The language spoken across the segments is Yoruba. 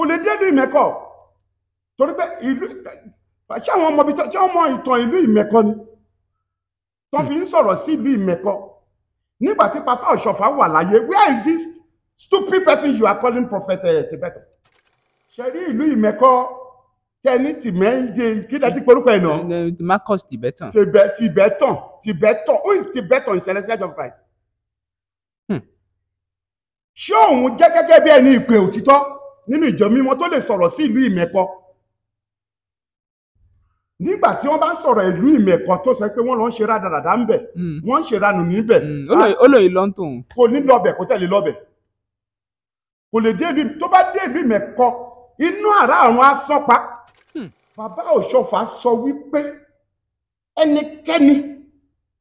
kò lè dédú ìmẹ̀kọ torí pé ìlú ṣé àwọn ọmọ ṣé wọ́n mọ ìtàn ìlú ìmẹ̀kọ ni tó fi ń sọ̀rọ̀ sí ìlú ìmẹ̀kọ nígbà tí papa ọ̀ṣọ́fà wà láyé where is this stupid person you are calling prophet eh, Tibetan ṣe rí ìlú ìmẹ̀kọ tẹni tìmẹ́ǹde kí lẹ ti porúkọ ẹ̀ nà. Eh, eh, Marcus Tibetan. tibẹ Tibetan Tibetan who is Tibetan in celestial job price. ṣé òun jẹ́ gẹ́gẹ́ bí ẹni ìpè òtítọ́ nínú ìjọ mímọ́ tó lè sọ̀rọ̀ sí ìlú ìmẹ̀kọ nígbà tí wọ́n bá ń sọ̀rọ̀ ìlú ìmẹ̀kọ tó sọ pé wọ́n lọ ń ṣe rádaràdà ń bẹ hmm. wọ́n ń ṣe ranù níbẹ̀. Hmm. Ah. ó lè lọ tó ń. kò ní lọbẹ kò tẹ̀lé lọbẹ kò lè dé ìlú tó bá dé ìlú ìmẹ̀kọ inú ara àrùn asọ́pa hmm. bàbá òṣòfà sọ wípé ẹnikẹ́ni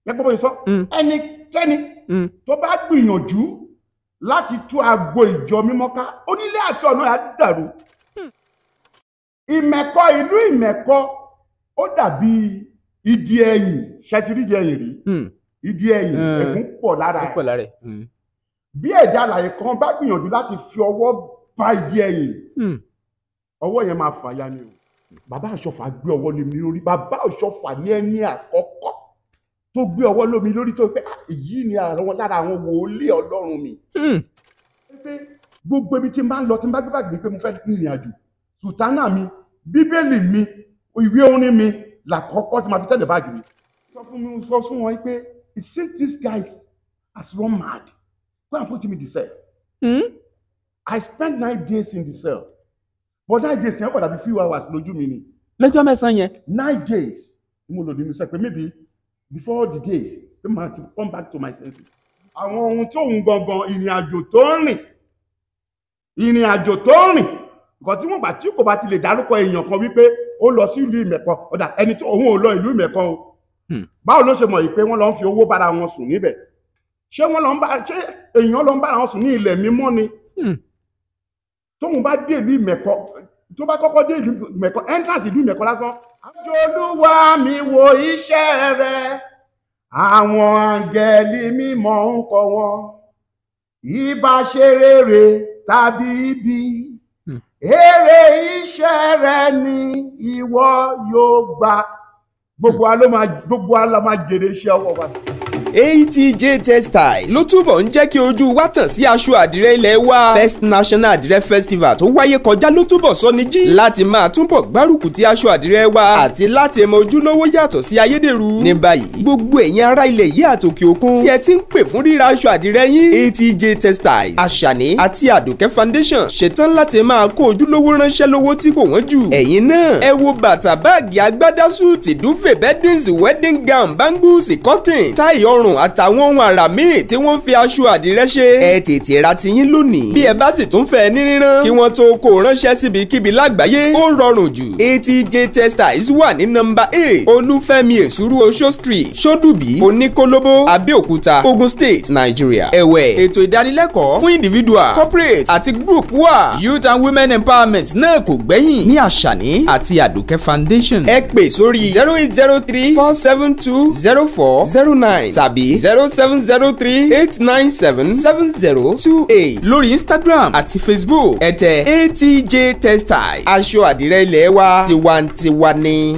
ẹgbẹ́ bóyá sọ ẹnikẹ́ni tó bá gbìyànjú láti tú agbo ìjọ mímọ́ ká onílé àti ọ̀nà ẹ̀ á dàrú hmm. ìmẹ̀kọ ìlú ìmẹ̀kọ ó dàbí ìdí ẹ̀yìn ṣẹtìrí ìdí ẹ̀yìn rí ìdí ẹ̀yìn hmm. eh, ẹ̀gún pọ̀ lára ẹ̀ hmm. bí ẹ̀dá alàyè kan bá gbìyànjú láti fi ọwọ́ bá ìdí ẹ̀yìn ọwọ́ yẹn máa fàya ni o bàbá àṣọfà gbé ọwọ́ lé lórí bàbá àṣọfà ní ẹni àkọ́kọ́ tó gbé ọwọ́ lómi lórí tó pé ah, èyí ni àwọn lára àwọn wòlíì ọlọ́run mi. Hmm. gbogbo ibi tí n bá ń lọ tí n bá gbé bàgbé pé mo fẹ́ rìnrìn àjò sùtánà mi bíbélì mi ìwé orin mi làkọ́kọ́ tí màá fi tẹ̀lé báàgì mi. sọ fún mi sọ fún wọn pé it seems these guys has run mad go and put him in the cell. Mm? I spent nine days in the cell but nine days yẹn padà bí few hours lójú mi ni. lọ́jọ́ mẹ́sàn-án yẹn. nine days mo lò nínú sẹ́pẹ́ maybe before the days pé màá ti come back to my senses àwọn ohun tí òun gangan ìrìn àjò tó ń rìn ìrìn àjò tó ń rìn nǹkan tí wọn gbà tí kò bá ti lè dárúkọ èèyàn kan wípé ó lọ sí ìlú ìmẹ̀kọ ọ̀dà ẹni tí òun ò lọ ìlú ìmẹ̀kọ o hmm. báwo ló ṣe mọ̀ yìí pé wọ́n lọ ń fi owó bára wọn sùn níbẹ̀ ṣé wọ́n lọ ń bá ṣé èèyàn lọ ń bára wọn sùn ní ilẹ̀ mímọ́ ni hmm. tóun bá dé ìlú ìmẹ̀kọ tó bá kọ́kọ́ dé ìlú mẹ̀kọ́ entrance ìlú mẹ̀kọ́ lásán. àjọlúwa mi wo iṣẹ́ rẹ àwọn àǹgẹ̀lì mímọ́ ń kọ wọn ìbá ṣe rere tàbí ibi hmm. èrè iṣẹ́ rẹ ni ìwọ yóò gbà gbogbo wa ló máa gbogbo wa máa jèrè iṣẹ́ ọwọ́ wa sí i. ATJ Textiles ló túbọ̀ ń jẹ́ kí ojú wa tàn sí aṣọ àdìrẹ ilẹ̀ wa First National Àdìrẹ Festival tó wáyé kọjá ló túbọ̀ sọ ní jí láti máa túbọ̀ gbárùkù ti aṣọ àdìrẹ wa àti láti mọ ojúlówó yàtọ̀ sí ayédèrú ní báyìí gbogbo ẹ̀yin ará ilẹ̀ yìí àtòkè òkun tí ẹ ti ń pè fún ríra aṣọ àdìrẹ yín ATJ Textiles Àṣàní àti Àdùkẹ́ Foundation ṣetán láti máa kó ojúlówó ránṣẹ́ lówó tí kò wọ́n jù ẹ̀yin náà ẹ wo bàtà báàgì agbádá súùtì dúfè bẹ́díǹsì wedding gown bangles cotton táì ọrùn àtàwọn ohun àrà míì tí wọ́n fi aṣọ àdìrẹ́ ṣe ẹ tètè ra tiyín lónìí bí ẹ bá sì tún fẹ́ ní rírán kí wọ́n tó kó ránṣẹ́ síbikíbi lágbàáyé ó rọrùn jù atj textiles wà ní nọ́mbà eight olúfẹ́mi èsúrú oṣó street ṣódùbí oníkólóbó abẹ́òkúta ogun state nigeria ẹ̀wẹ̀ ètò ìdánilẹ́kọ̀ọ́ fún individual corporate àti group wà youth and women empowerment náà kò gbẹ́yìn ní àṣàní àti àdùkẹ́ foundation ẹ pè sórí zero eight zero three four seven two zero four zero nine tàbí tàbí zero seven zero three eight nine seven seven zero two eight lórí Instagram àti Facebook ẹ tẹ ATJ Textiles aṣọ àdìrẹ ilẹ̀ wa tiwantiwa ni.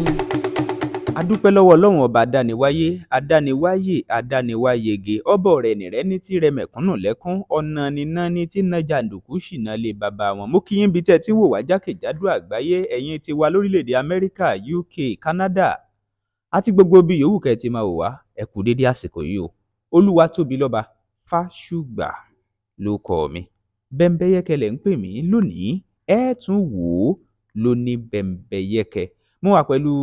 adúpẹ́ lọ́wọ́ ọlọ́run ọba adániwáyé adániwáyé adániwáyege ọbọ rẹ̀ nìrẹ́ ní tí rẹ mẹ̀kúnnù lẹ́kún ọ̀nà níná ní tí ná jàǹdùkú ṣìnà lè bàbá wọn mú kí yín bí tẹ́ ti wò wá jákèjádò àgbáyé ẹ̀yin tiwa lórílẹ̀‐èdè Amẹ́ríkà UK Canada àti gbogbo bí yòówù kẹ́ ẹ ti máa wò wá ẹ kú déédé àsìkò yìí o olúwa tóbi lọ́ba fáṣùgbà ló kọ mi bẹ́ńbẹ́yẹ́kẹ́ lẹ̀ ń pè mí lónìí ẹ tún wò ó lóní bẹ́ńbẹ́yẹ́kẹ́ mo wà pẹ̀lú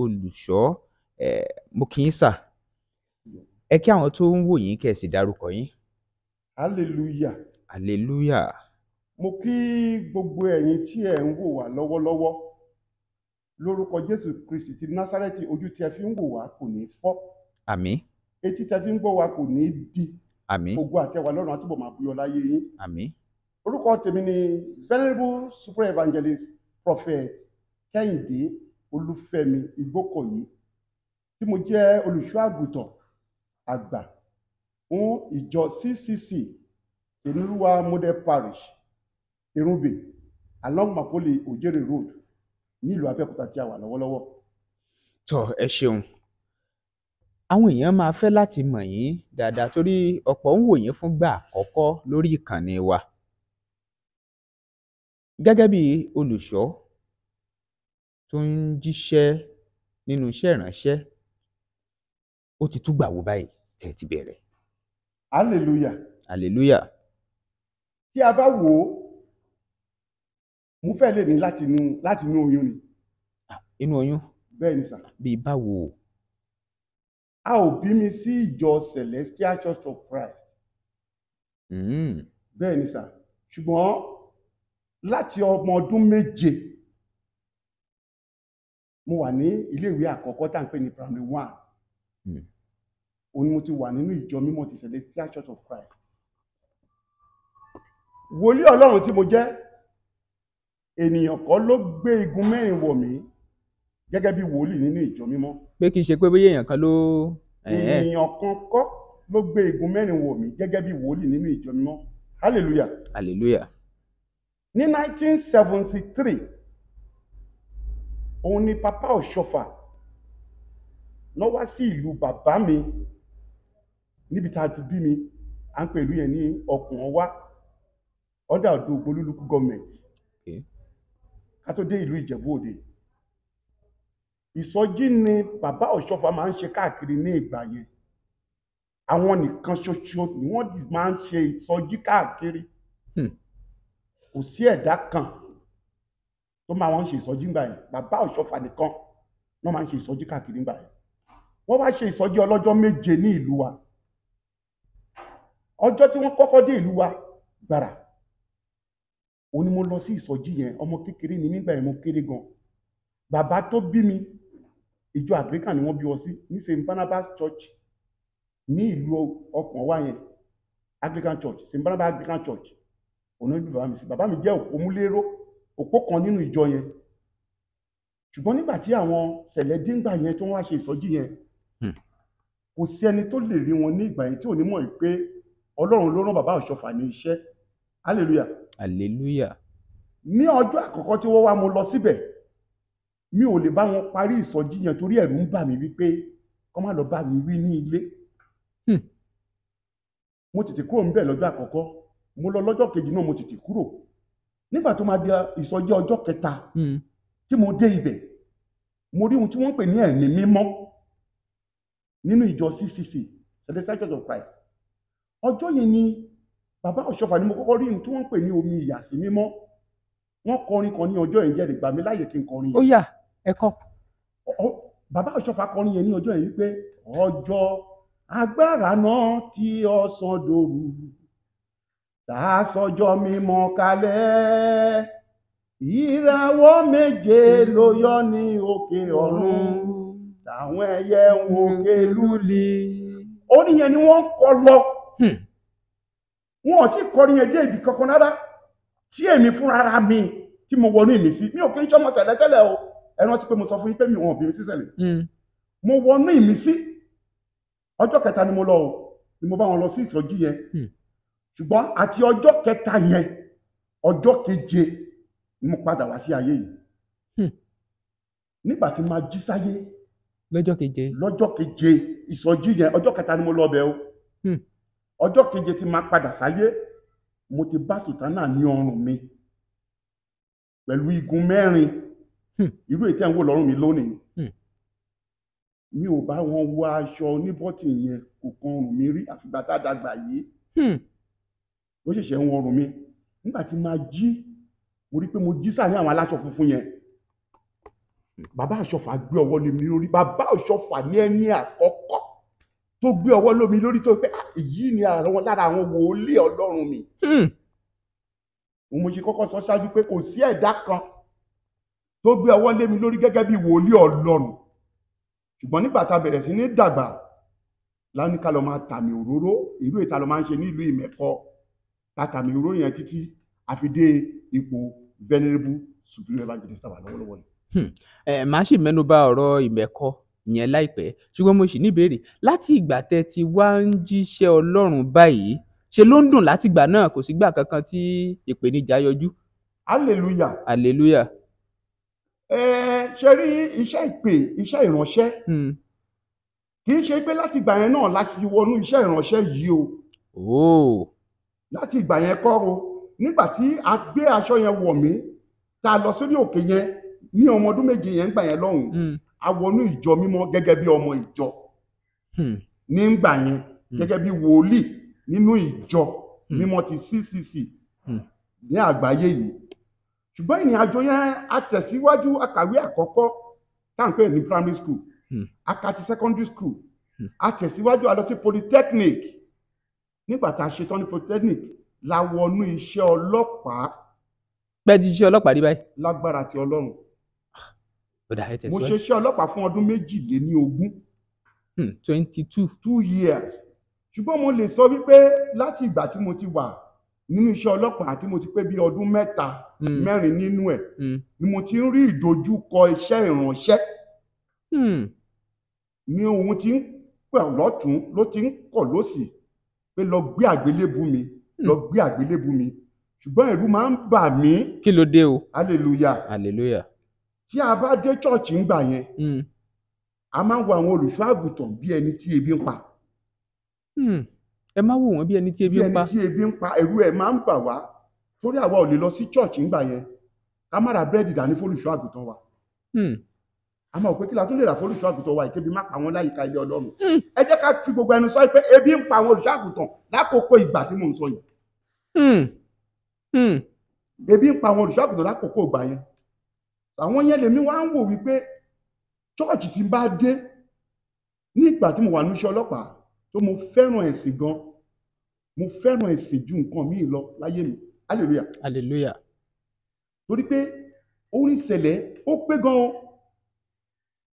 olùṣọ́ ẹ mo kì í sà ẹ kí àwọn tó ń wò yín kẹ́ ẹ sì dárúkọ yín. hallelujah. hallelujah. mo kí gbogbo ẹ̀yin tí ẹ̀ ń wò wá lọ́wọ́lọ́wọ́ lórúkọ jésù kristi ti násárẹ́tì ojú tí ẹ fi ń wò wá kò ní fọ́. àmín. etí tí ẹ fi ń gbọ́ wá kò ní di. àmín. ògo àtẹwà lọ́rùn àtúbọ̀ máa búyọ láyé yín. àmín. orúkọ tèmi ni venerable super evangelist prophet kẹ́hìndé olúfẹ́mi ìgbókòyí tí mo jẹ́ olùṣọ́ àgùntàn àgbà fún ìjọ ccc ìnúlúwa model parish irúgbìn along mapole ojere road nílùú abẹ́òkúta tí a wà lọ́wọ́lọ́wọ́. tọ ẹ ṣeun àwọn èèyàn máa fẹ́ láti mọ̀ yín dáadáa torí ọ̀pọ̀ ń wò yín fúngbà àkọ́kọ́ lórí ìkànnì wa gẹ́gẹ́ bí olùṣọ́ tó ń jíṣẹ́ nínú iṣẹ́ ìránṣẹ́ ó ti tún gbà wò báyìí tẹ́ ti bẹ̀rẹ̀. hallelujah. hallelujah. tí a bá wò ó mo fẹ́ lè ní láti inú láti inú oyún ni. Ah, inú oyún. bẹ́ẹ̀ ni sà. bíi báwo. a ò bí mi sí ìjọ Celestial Church of Christ. Hmm. bẹ́ẹ̀ ni sà ṣùgbọ́n láti ọmọ ọdún méje mo wà ní iléèwé àkọ́kọ́ tá à ń pè ní primary one hmm. òun ni mo ti wà nínú ìjọ mímọ́ ti Celestial Church of Christ wòlíì Ọlọ́run tí mo jẹ́ ènìyàn kọ́ ló gbé igun mẹ́rin wọ̀ mí gẹ́gẹ́ bí wòlíì nínú ìjọ mímọ́. pé kì í ṣe pé bóyá èèyàn kan ló. ènìyàn kan kọ́ ló gbé igun mẹ́rin wọ̀ mí gẹ́gẹ́ bí wòlíì nínú ìjọ mímọ́ hallelujah. hallelujah. ní nineteen seventy three òun ni papa òṣọfà lọ wá sí ìlú bàbá mi níbi tá a ti bí mi à ń pè ìlú yẹn ní ọkùnrin wa ọ̀dà ọ̀dọ́ ògbólúlùkù gọ́ọ̀mẹ̀ntì ká tó dé ìlú ìjẹ̀bú òde ìsọjí ni bàbá ọ̀ṣọ́fà máa ń ṣe káàkiri ní ìgbà yẹn àwọn nìkan ṣoṣo ni wọ́n máa ń ṣe ìsọjí káàkiri hmm. kò sí ẹ̀dá kan tó máa wọ́n ṣe ìsọjí ńgbà yẹn bàbá ọ̀ṣọ́fà nìkan wọ́n máa ń ṣe ìsọjí káàkiri ńgbà yẹn wọ́n wá ṣe ìsọjí ọlọ́jọ́ méje ní ìlú wa ọjọ́ tí wọ́n kọ́kọ́ dé ìlú wa gbàrà òun ni mo lọ sí ìsọjí yẹn ọmọ kékeré ni nígbà yẹn mo kéré gan bàbá tó bí mi ìjọ Anglican ni wọ́n bí wọ́n sí ní St Barnabas Church ní ìlú ọkàn wa yẹn Anglican Church St Barnabas Anglican Church òun ni bàbá mi sí bàbá mi jẹ́ òmúléró òpó kan nínú ìjọ yẹn ṣùgbọ́n nígbà tí àwọn sẹ̀lẹ́díngbà yẹn tó wá ṣe ìsọjí yẹn hmm. kò sí ẹni tó lè rí wọn ní ìgbà yẹn tí ò ní mọ̀ pé Ọlọ́run ló rán bàbá Ọ̀ṣọ́fà ní iṣẹ́ hallelujah hallelujah. ní ọjọ́ àkọ́kọ́ tí wọ́n wá mo lọ síbẹ̀ mi ò lè bá wọn parí ìsọjí yẹn torí ẹ̀rù ń bà mí wípé kọ ma lọ bá mi wí ní ilé. Hmm. mo tètè kúrò níbẹ̀ lọ́jọ́ àkọ́kọ́ mo lọ lọ́jọ́ kejì náà mo tètè di kẹta hmm. tí mo dé mo rí ohun tí pè nínú CCC bàbá ọ̀ṣọ́fà ni mo kọ́kọ́ rí ohun tí wọ́n ń pè ní omi ìyàsí mímọ́ wọ́n kọrin kan ní ọjọ́ yẹn jẹ́ ìgbà mi láyè kí n kọrin yẹn. ó yá ẹ kọ. bàbá ọ̀ṣọ́fà kọrin yẹn ní ọjọ́ yẹn wípé ọjọ́ agbára náà tí ọ̀sán dòru tá a sọjọ́ mímọ́ kalẹ̀ ìràwọ̀ méje ló yọ ní òkè ọ̀run táwọn ẹyẹ ń wòkè lúlẹ̀ ó hmm. níyẹn ni wọ́n kọ lọ. Hmm wọn ò tí ì kọrin èdè ibì kankan rárá tí èmi fúnra mi tí mo wọnú ìmísí mi ò kí n ṣọmọ sẹ̀lẹ̀ tẹ́lẹ̀ o ẹ rántí pé mo sọ fún yín pé mi ò hàn bí mi sí sẹ̀lẹ̀ hmm. mo wọnú ìmísí ọjọ́ kẹta ni mo lọ o ni mo bá wọn lọ sí ìtọ́jú yẹn hmm. ṣùgbọ́n àti ọjọ́ kẹta yẹn ọjọ́ keje ni mo padà wá sí ayé yìí hmm. nígbà tí máa jí sáyé lọ́jọ́ keje lọ́jọ́ keje ìsọjí yẹn ọjọ́ kẹta ni mo lọ bẹ̀ o. Hmm ọjọ́ keje tí máa padà sáyé mo ti bá sùtánà ní ọrùn mi pẹ̀lú igun mẹ́rin hmm. irú ètò ẹ̀wọ̀n lọ́rùn mi lónìí hmm. mi ò bá wọn wọ aṣọ oníbọ́tì yẹn kò kan ọrùn mi rí àfìgbà tá a dàgbà yìí hmm. ó ṣẹ̀ṣẹ̀ ń wọ ọrùn mi nígbà tí máa jí mo rí pé mo jí sáà ní àwọn aláṣọ funfun yẹn bàbá àṣọfà gbé ọwọ́ lé mi lórí bàbá àṣọfà ní ẹni àkọ́kọ́ tó gbé ọwọ́ lómi lórí tó pé ah, èyí ni àwọn lára àwọn wòlíì ọlọ́run mi. Hmm. òun ṣe kọ́kọ́ sọ ṣáájú pé kò sí ẹ̀dá kan tó gbé ọwọ́ lé mi lórí gẹ́gẹ́ bí wòlíì ọlọ́run ṣùgbọ́n nígbà tá a bẹ̀rẹ̀ sí ní dàgbà láwọn ká lọ máa tàmì òróró ìlú ìta lọ máa ń ṣe nílùú ìmẹ̀kọ ta tàmì òróró yẹn títí àfi ipò venerable superior evangelist tàbá lọ́wọ́lọ́wọ́ ni. Hmm. ẹ máa ṣì mẹ́nubà ọ̀rọ̀ ìmẹ̀kọ ìyẹn láìpẹ́ ṣùgbọ́n mo sì níbèrè láti ìgbà tẹ́ ti wá ń jíṣẹ́ ọlọ́run báyìí ṣe ló ń dùn látìgbà náà kò sígbà kankan tí ìpèníjà yọjú. hallelujah. hallelujah. ẹ ṣe rí iṣẹ́ ìpè iṣẹ́ ìránṣẹ́ hmm. kì í ṣe pé láti ìgbà yẹn náà láti wọnú iṣẹ́ ìránṣẹ́ yìí o. Oh. láti ìgbà yẹn kọ́ o nígbà tí a gbé aṣọ yẹn wọ̀ mí tá a lọ sórí òkè yẹn ní ọmọ ọdún méje yẹn ń gbà yẹn lọ́hùn-ún hmm. Awonu ijo, mimo mímọ́ gẹ́gẹ́ bí ọmọ ìjọ hmm. nígbà yẹn hmm. gẹ́gẹ́ bí wòlíì nínú ìjọ hmm. mímọ́ ti CCC ní àgbáyé yìí ṣùgbọ́n ìrìn àjò yẹn a tẹ̀síwájú akàwé àkọ́kọ́ tá ní primary school akati secondary school a tẹ̀síwájú a polytechnic nígbà tá a ṣetán ní polytechnic la wọnú iṣẹ́ ọlọ́pàá. pẹ́ẹ́ ti ṣe ọlọ́pàá rí báyìí. lágbára ti ọlọ́run mo ṣiṣẹ́ ọlọ́pàá fún ọdún méjìléníogún. Hmm, twenty two. two years ṣùgbọ́n mo lè sọ wípé láti ìgbà tí mo ti wà nínú iṣẹ́ ọlọ́pàá tí mo ti pé bí ọdún mẹ́ta hmm. mẹ́rin nínú ẹ̀ hmm. ni mo ti ń rí ìdojúkọ iṣẹ́ ìránṣẹ́ ni òun ti ń pẹ̀ lọ́tún ló ti ń kọ̀ lọ́sì pé lọ gbé àgbélébù mi lọ gbé àgbélébù mi ṣùgbọ́n ẹ̀rù máa ń bà mí. kí ló dé o. hallelujah. hallelujah tí a bá dé chọ́ọ̀chì ńgbà yẹn hmm. a máa ń wo àwọn olùṣọ́ àgùntàn bí ẹni tí ebi ń pa. Hmm. ẹ má wò wọ́n bí ẹni tí ebi ń pa. bí ẹni tí ebi ń pa ẹ̀rù ẹ̀ máa ń bà wá torí àwa ò lè lọ sí chọ́ọ̀chì ńgbà yẹn ká má ra búrẹ́dì dání fólùṣọ́ àgùntàn wa. Hmm. a máa pé kí la tún lè rà fólùṣọ́ àgùntàn wa ìkébi má pa wọn láyìíká ilé ọlọ́run. ẹ jẹ́ ká fi gbogbo ẹnu sọ pé ebi ń pa àwọn olùṣọ́ àgùntàn lákòókò ìgbà tí mò ń sọ yìí. ebi ń pa àwọn olùṣọ́ àgùntàn lákòókò ìgbà àwọn yẹn lèmi wá ń wò wípé chọ́ọ̀chì tí bá dé ní ìgbà tí mo wà níṣẹ́ ọlọ́pàá tó mo fẹ́ràn ẹ̀sìn gan mo fẹ́ràn ẹ̀sìn ju nǹkan míì lọ láyé mi hallelujah. hallelujah. torí pé orin ìṣẹ̀lẹ̀ ó pé gan o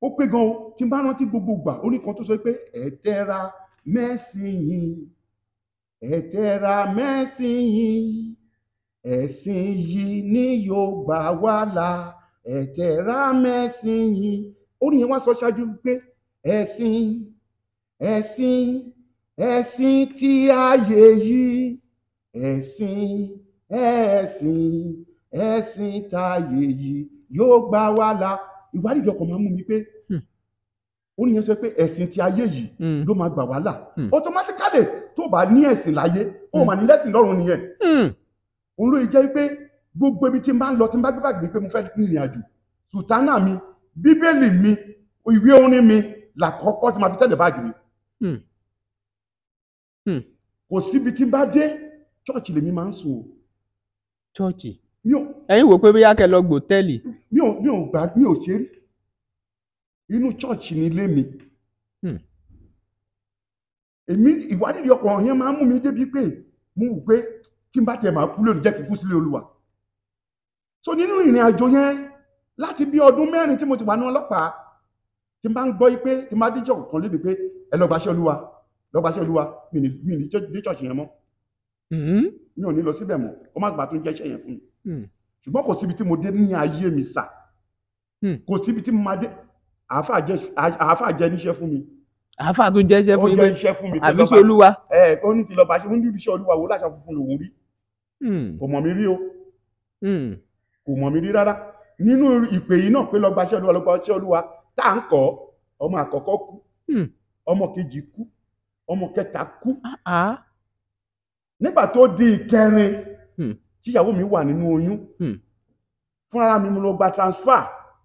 ó pé gan o tí n bá rántí gbogbo gbà orin kan tó sọ pé ẹ tẹra mẹ́sìn yìí ẹ tẹra mẹ́sìn yìí ẹ̀sìn yìí ni yóò gbà wá là ẹ̀tẹ̀ rámẹ́sìn yìí orin yẹn wá sọ ṣáájú pé ẹ̀sìn ẹ̀sìn ẹ̀sìn tí ayé yìí ẹ̀sìn ẹ̀sìn ẹ̀sìn táyé yìí yóò gbà wá là ìwádìí ọkọ̀ máa ń mú mi pé hmm. orin yẹn sọ pé ẹ̀sìn tí ayé yìí hmm. ló máa gbà wá là hmm. automatically tó bá ní ẹ̀sìn láyé ó mà ní lẹ́sìn lọ́run nìyẹn òun jẹ́ pé gbogbo ibi tí n bá ń lọ tí n bá gbé bàgbé pé mo fẹ́ rìnrìn àjò sùtánà mi bíbélì mi ìwé orin mi làkọ́kọ́ tí màá fi tẹ̀lé báàgì mi. Hmm. Hmm. kò síbi tí n bá dé chọ́ọ̀chì lèmi máa ń sùn o. chọ́ọ̀chì ẹ̀yin wò pé bóyá kẹ́ lọ gbòtẹ́ẹ̀lì. mi ò mi ò gbà mi ò ṣe rí inú chọ́ọ̀chì ni ilé mi. Hmm. èmi ìwádìí ọkọ̀ yẹn máa ń mú mi débi pé mo wù pé tí n bá tiẹ̀ máa kú lónìí jẹ́ kí n kú sílé olúwa so nínú ìrìn àjò yẹn láti bí ọdún mẹ́rin tí mo ti wà ní ọlọ́pàá tí n bá ń gbọ́ yí pé tí n bá díjọ́ kan lébi pé ẹ lọ gbàṣẹ́ olúwa lọ gbàṣẹ́ olúwa mi ní mi ní dé church yẹn mọ́ mm-hmm. mi ò ní lọ síbẹ̀ mọ́ ó má gbà tó ń jẹ́ iṣẹ́ yẹn fún mi mm. ṣùgbọ́n kò síbi tí mo dé ní ayé mi sà mm. kò síbi tí mo máa dé àáfà jẹ níṣẹ́ fún mi. àáfà tó jẹ́ iṣẹ́ fún mi ó jẹ́ iṣẹ́ fún mi àbí ṣe olúwa. ẹ ó ní ti lọ bá ṣe ó ní iṣẹ́ olúwa wo láṣà funfun lòún rí mm. kò mọ̀ mi rí o kò mọ̀ mí rí rárá nínú ìpè yìí náà pé lọ gbaṣẹ́ olúwa lọ gbaṣẹ́ olúwa tá à ń kọ́ ọmọ àkọ́kọ́ kú hmm. ọmọ kejì kú ọmọ kẹta kú ah, ah. nígbà tó di ìkẹrin hmm. tíyàwó mi wà nínú oyún hmm. fúnra mi mo lọ gba transfer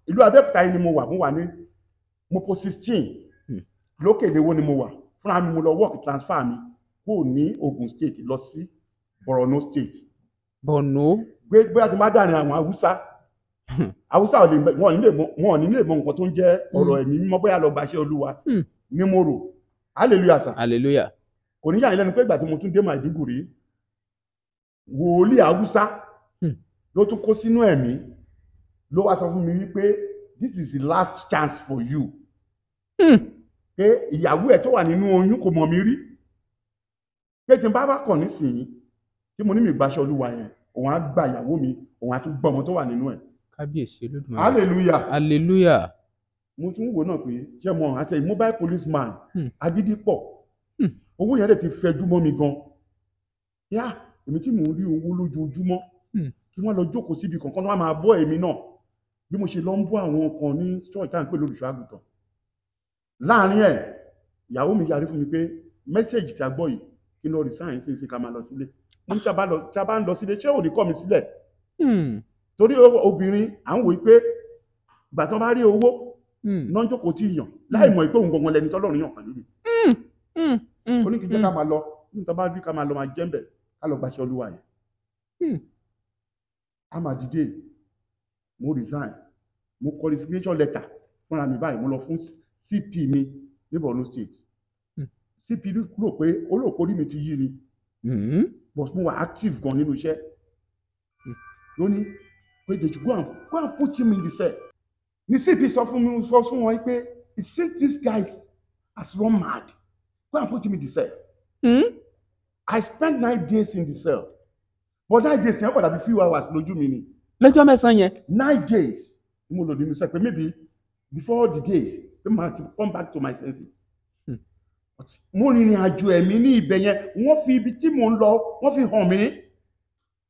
ìlú abẹ́òkúta yìí ni mo wà mo wà ní mopo sixteen lókè ìléwó ni mo wà fúnra mi mo lọ work transfer mi kúrò ní Ogun State lọ sí Borno State. Borno. pé bóyá ti má dàrin àwọn haúsá hmm. haúsá wọn ò ní lè mọ nǹkan tó ń jẹ́ ọ̀rọ̀ hmm. ẹ̀mí mímọ́ bóyá lọ gbàṣẹ́ olúwa hmm. ní mo rò hallelujah sir. hallelujah. kò ní yàrá lẹ́nu pé ìgbà tí mo tún dé Maiduguri wòlíì haúsá ló tún kó sínú ẹ̀mí ló wá sọ fún mi wípé this is the last chance for you. pé ìyàwó ẹ̀ tó wà nínú oyún kò mọ̀ mí rí pé tí n bá bá kọ̀ nísìnyí tí mo ní mi gbaṣẹ́ olúwa yẹn òun á gba ìyàwó mi òun á tún gbọ́ ọmọ tó wà nínú ẹ̀. kábíyèsí olódùmarè hallelujah hallelujah. mo tún wò náà pé ṣé mo hàn àṣẹ mobile policeman hmm. agídí pọ̀ hmm. owó yẹn lè ti fẹjú mọ́ mi gan yá èmi tí mò ń rí owó lójoojúmọ́ hmm. kí wọ́n lọ jókòó síbi kankan náà wọ́n máa bọ́ èmi náà bí mo ṣe lọ ń bọ́ àwọn kan ní ṣọ́ọ̀ṣì tá à ń pè lólùṣọ́ àgùntàn láàárín ẹ̀ ìyàwó mi yarí fún mi pé mẹ́sẹ̀gì tí a gbọ́ yìí kí n lọ resign sí sí ká máa lọ sílé ní sábà ń lọ sílé ṣé ò ní kọ̀ mí sílẹ̀ hmm. torí obìnrin à ń wòye pé ìgbà tó bá rí owó hmm. náà ń jókòó tí yàn láì mọ̀ pé òun gangan lẹni tọ́lọ́run yàn pẹ̀lú rẹ̀ oníkìjẹ́ hmm. ká máa lọ níta bá rí ká máa lọ máa jẹ́ńbẹ̀ ká lọ gbàṣẹ olúwa yẹn a máa dìde mo resign mo kọ resignation letter fúnra mi báyìí mo lọ fún cp mi ní Borno state cp rò pé olóòkórí mi ti yí ni but mo wà active gan nínú iṣẹ́ ló ní pé they should go and go and put him in the cell ní cp sọ fún mi sọ fún wọn pé it seems this guy has run mad go and put him in the cell mm? i spent nine days in the cell but nine days yẹn padà bí few hours lójú mi ni. lọ́jọ́ mẹ́sàn-án yẹn. nine days mo lò nínú sẹ́pẹ̀ maybe before the days, pé màá ti come back to my senses mo rìnrìn àjò ẹ̀mí ní ibẹ̀ yẹn wọ́n fi ibi tí mò ń lọ wọ́n fi hàn mí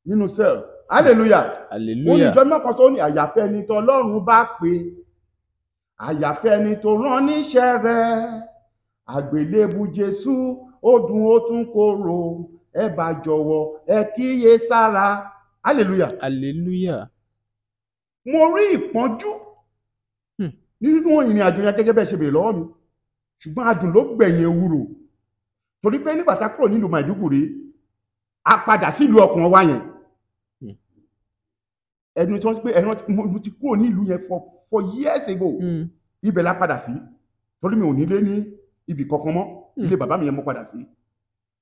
nínú cell hallelujah hallelujah olùjọ́ mẹ́kọ̀ọ́ tó ní àyàfẹ́ ẹni tó ọlọ́run bá pè àyàfẹ́ ẹni tó rán níṣẹ́ rẹ̀ àgbélébù jésù ó dùn ó tún korò ẹ bá jọ̀wọ́ ẹ kíyè sára hallelujah hallelujah mo rí ìpọ́njú hmm. nínú ìrìn àjò yẹn gẹ́gẹ́ bẹ́ẹ̀ ṣe bèrè lọ́wọ́ mi ṣùgbọ́n adùn ló gbẹ̀yìn ewúro torí pé nígbà tá kúrò nílùú Maiduguri a padà sílùú ọkàn wa yẹn ẹni tó ń pè ẹran mo ti kúrò nílùú yẹn for for years ago hmm. ibẹ̀ la padà sí torí mi ò nílé ní ibì kankan mọ́ hmm. ilé bàbá mi yẹn mo padà sí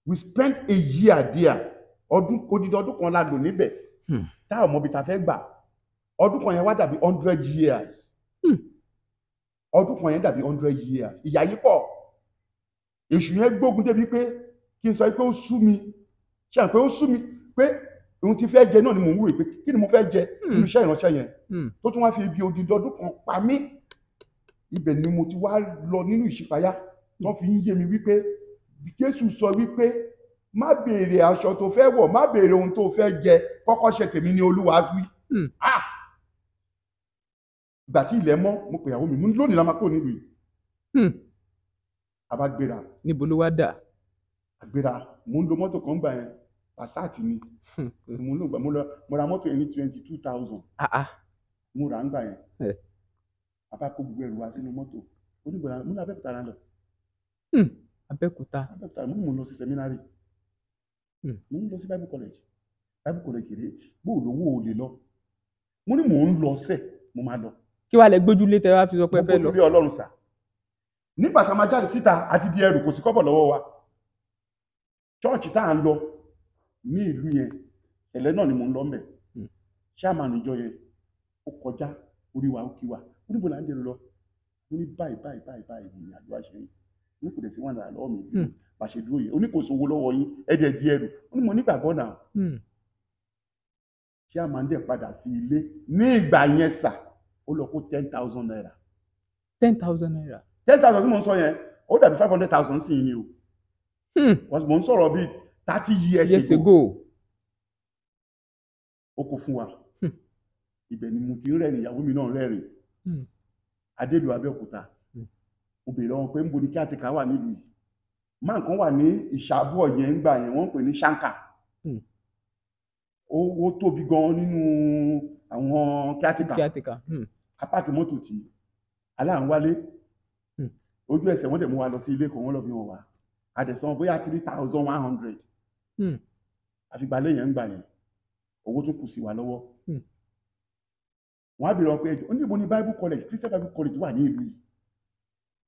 we spent a year there ọdún odidi ọdún kan la lò níbẹ̀ hmm. tá a mọ̀ bí ta fẹ́ gbà ọdún kan yẹn wá dàbí hundred years. Hmm ọdún kan yẹn dàbí hundred years ìyà yìí pọ̀ èṣù yẹn gbógun débi pé kí n sọ pé ó sú mi ṣe à ń pé ó sú mi pé òun ti fẹ́ jẹ náà ni mò ń wúre pé kí ni mo fẹ́ jẹ hmm. nínú iṣẹ́ ìránṣẹ́ yẹn hmm. tó tún wá fi ibi odidi ọdún kan pa mí ibẹ̀ ni mo ti wá lọ nínú ìṣípayá wọ́n fi ń yé mi wípé Jésù sọ wípé má béèrè aṣọ tó fẹ́ wọ̀ má béèrè ohun tó fẹ́ jẹ kọ́kọ́ ṣe tèmi ni Olúwa wí. Hmm. ah gbà tí ilẹ̀ mọ́ mo pè ìyàwó mi lónìí la máa kó nílùú yìí. àbá hmm. gbéra. níbo ló wá dà. àgbéra mo ń lo mọ́tò kan gbà yẹn Passat ni hmm. mo ló gbà mo ra mọ́tò yẹn ní twenty two thousand ah, ah. mo rà ń gbà yẹn àbá kó gbogbo ẹrù wa sínú mọ́tò onígbàlá mo ní Abẹ́òkúta rán lọ. Hmm. Abẹ́òkúta Abẹ́òkúta mo ń lọ sí sẹ́mínárì mo ń lọ sí Bible college Bible college rèé bóòlù owó ò lè lọ mo ní mò ń lọ sẹ́ẹ̀ mo máa lọ. kí wà lẹ gbójú lé tẹwàá fi sọ pé lọ. Ọlọ́run sà nígbà tá a jáde síta àti di ẹrù kò sí lọ́wọ́ wa chọọchì tá à ń lọ ní ìlú yẹn ẹlẹ náà ni mò ń lọ mẹ ṣáàmánù hmm. ìjọ yẹn ó kọjá orí wa ó kí wa ó níbo là ń lọ ó ní báyìí báyìí báyìí báyìí yín ẹ̀dẹ̀ di ẹrù ó ní mo náà hmm. ó lọ kó ten thousand naira. ten thousand naira. ten thousand tí mò ń sọ yẹn ó dàbí five hundred thousand sí i ni o. Hmm. mò ń sọ̀rọ̀ bíi thirty years, years ago. ó kó fún wa hmm. ibẹ̀ ni mo ti ń rẹ́rìn ìyàwó mi náà rẹ́rìn hmm. adélu abẹ́òkúta obìnrin ọ̀hún pé ń boni kí àti ká wà nílùú yìí máa nǹkan wà ní ìṣàbọ̀ yẹn ń gbà yẹn wọ́n ń pè ní ṣáńkà ó tóbi gan nínú àwọn kíátíkà hmm. apáàkì mọ́tò tí aláǹwálé hmm. ojú ẹsẹ̀ wọ́n dẹ̀ mú wa lọ sí ilé kan wọ́n lọ bí wọn wá àdẹ̀sán bóyá three thousand one hundred hmm. àfìgbà lẹ́yìn ń gbà yẹn owó tún kù sí wa lọ́wọ́ wọ́n á bèrè wọn pé oníbo ni bible college christian bible college wà ní ìlú yìí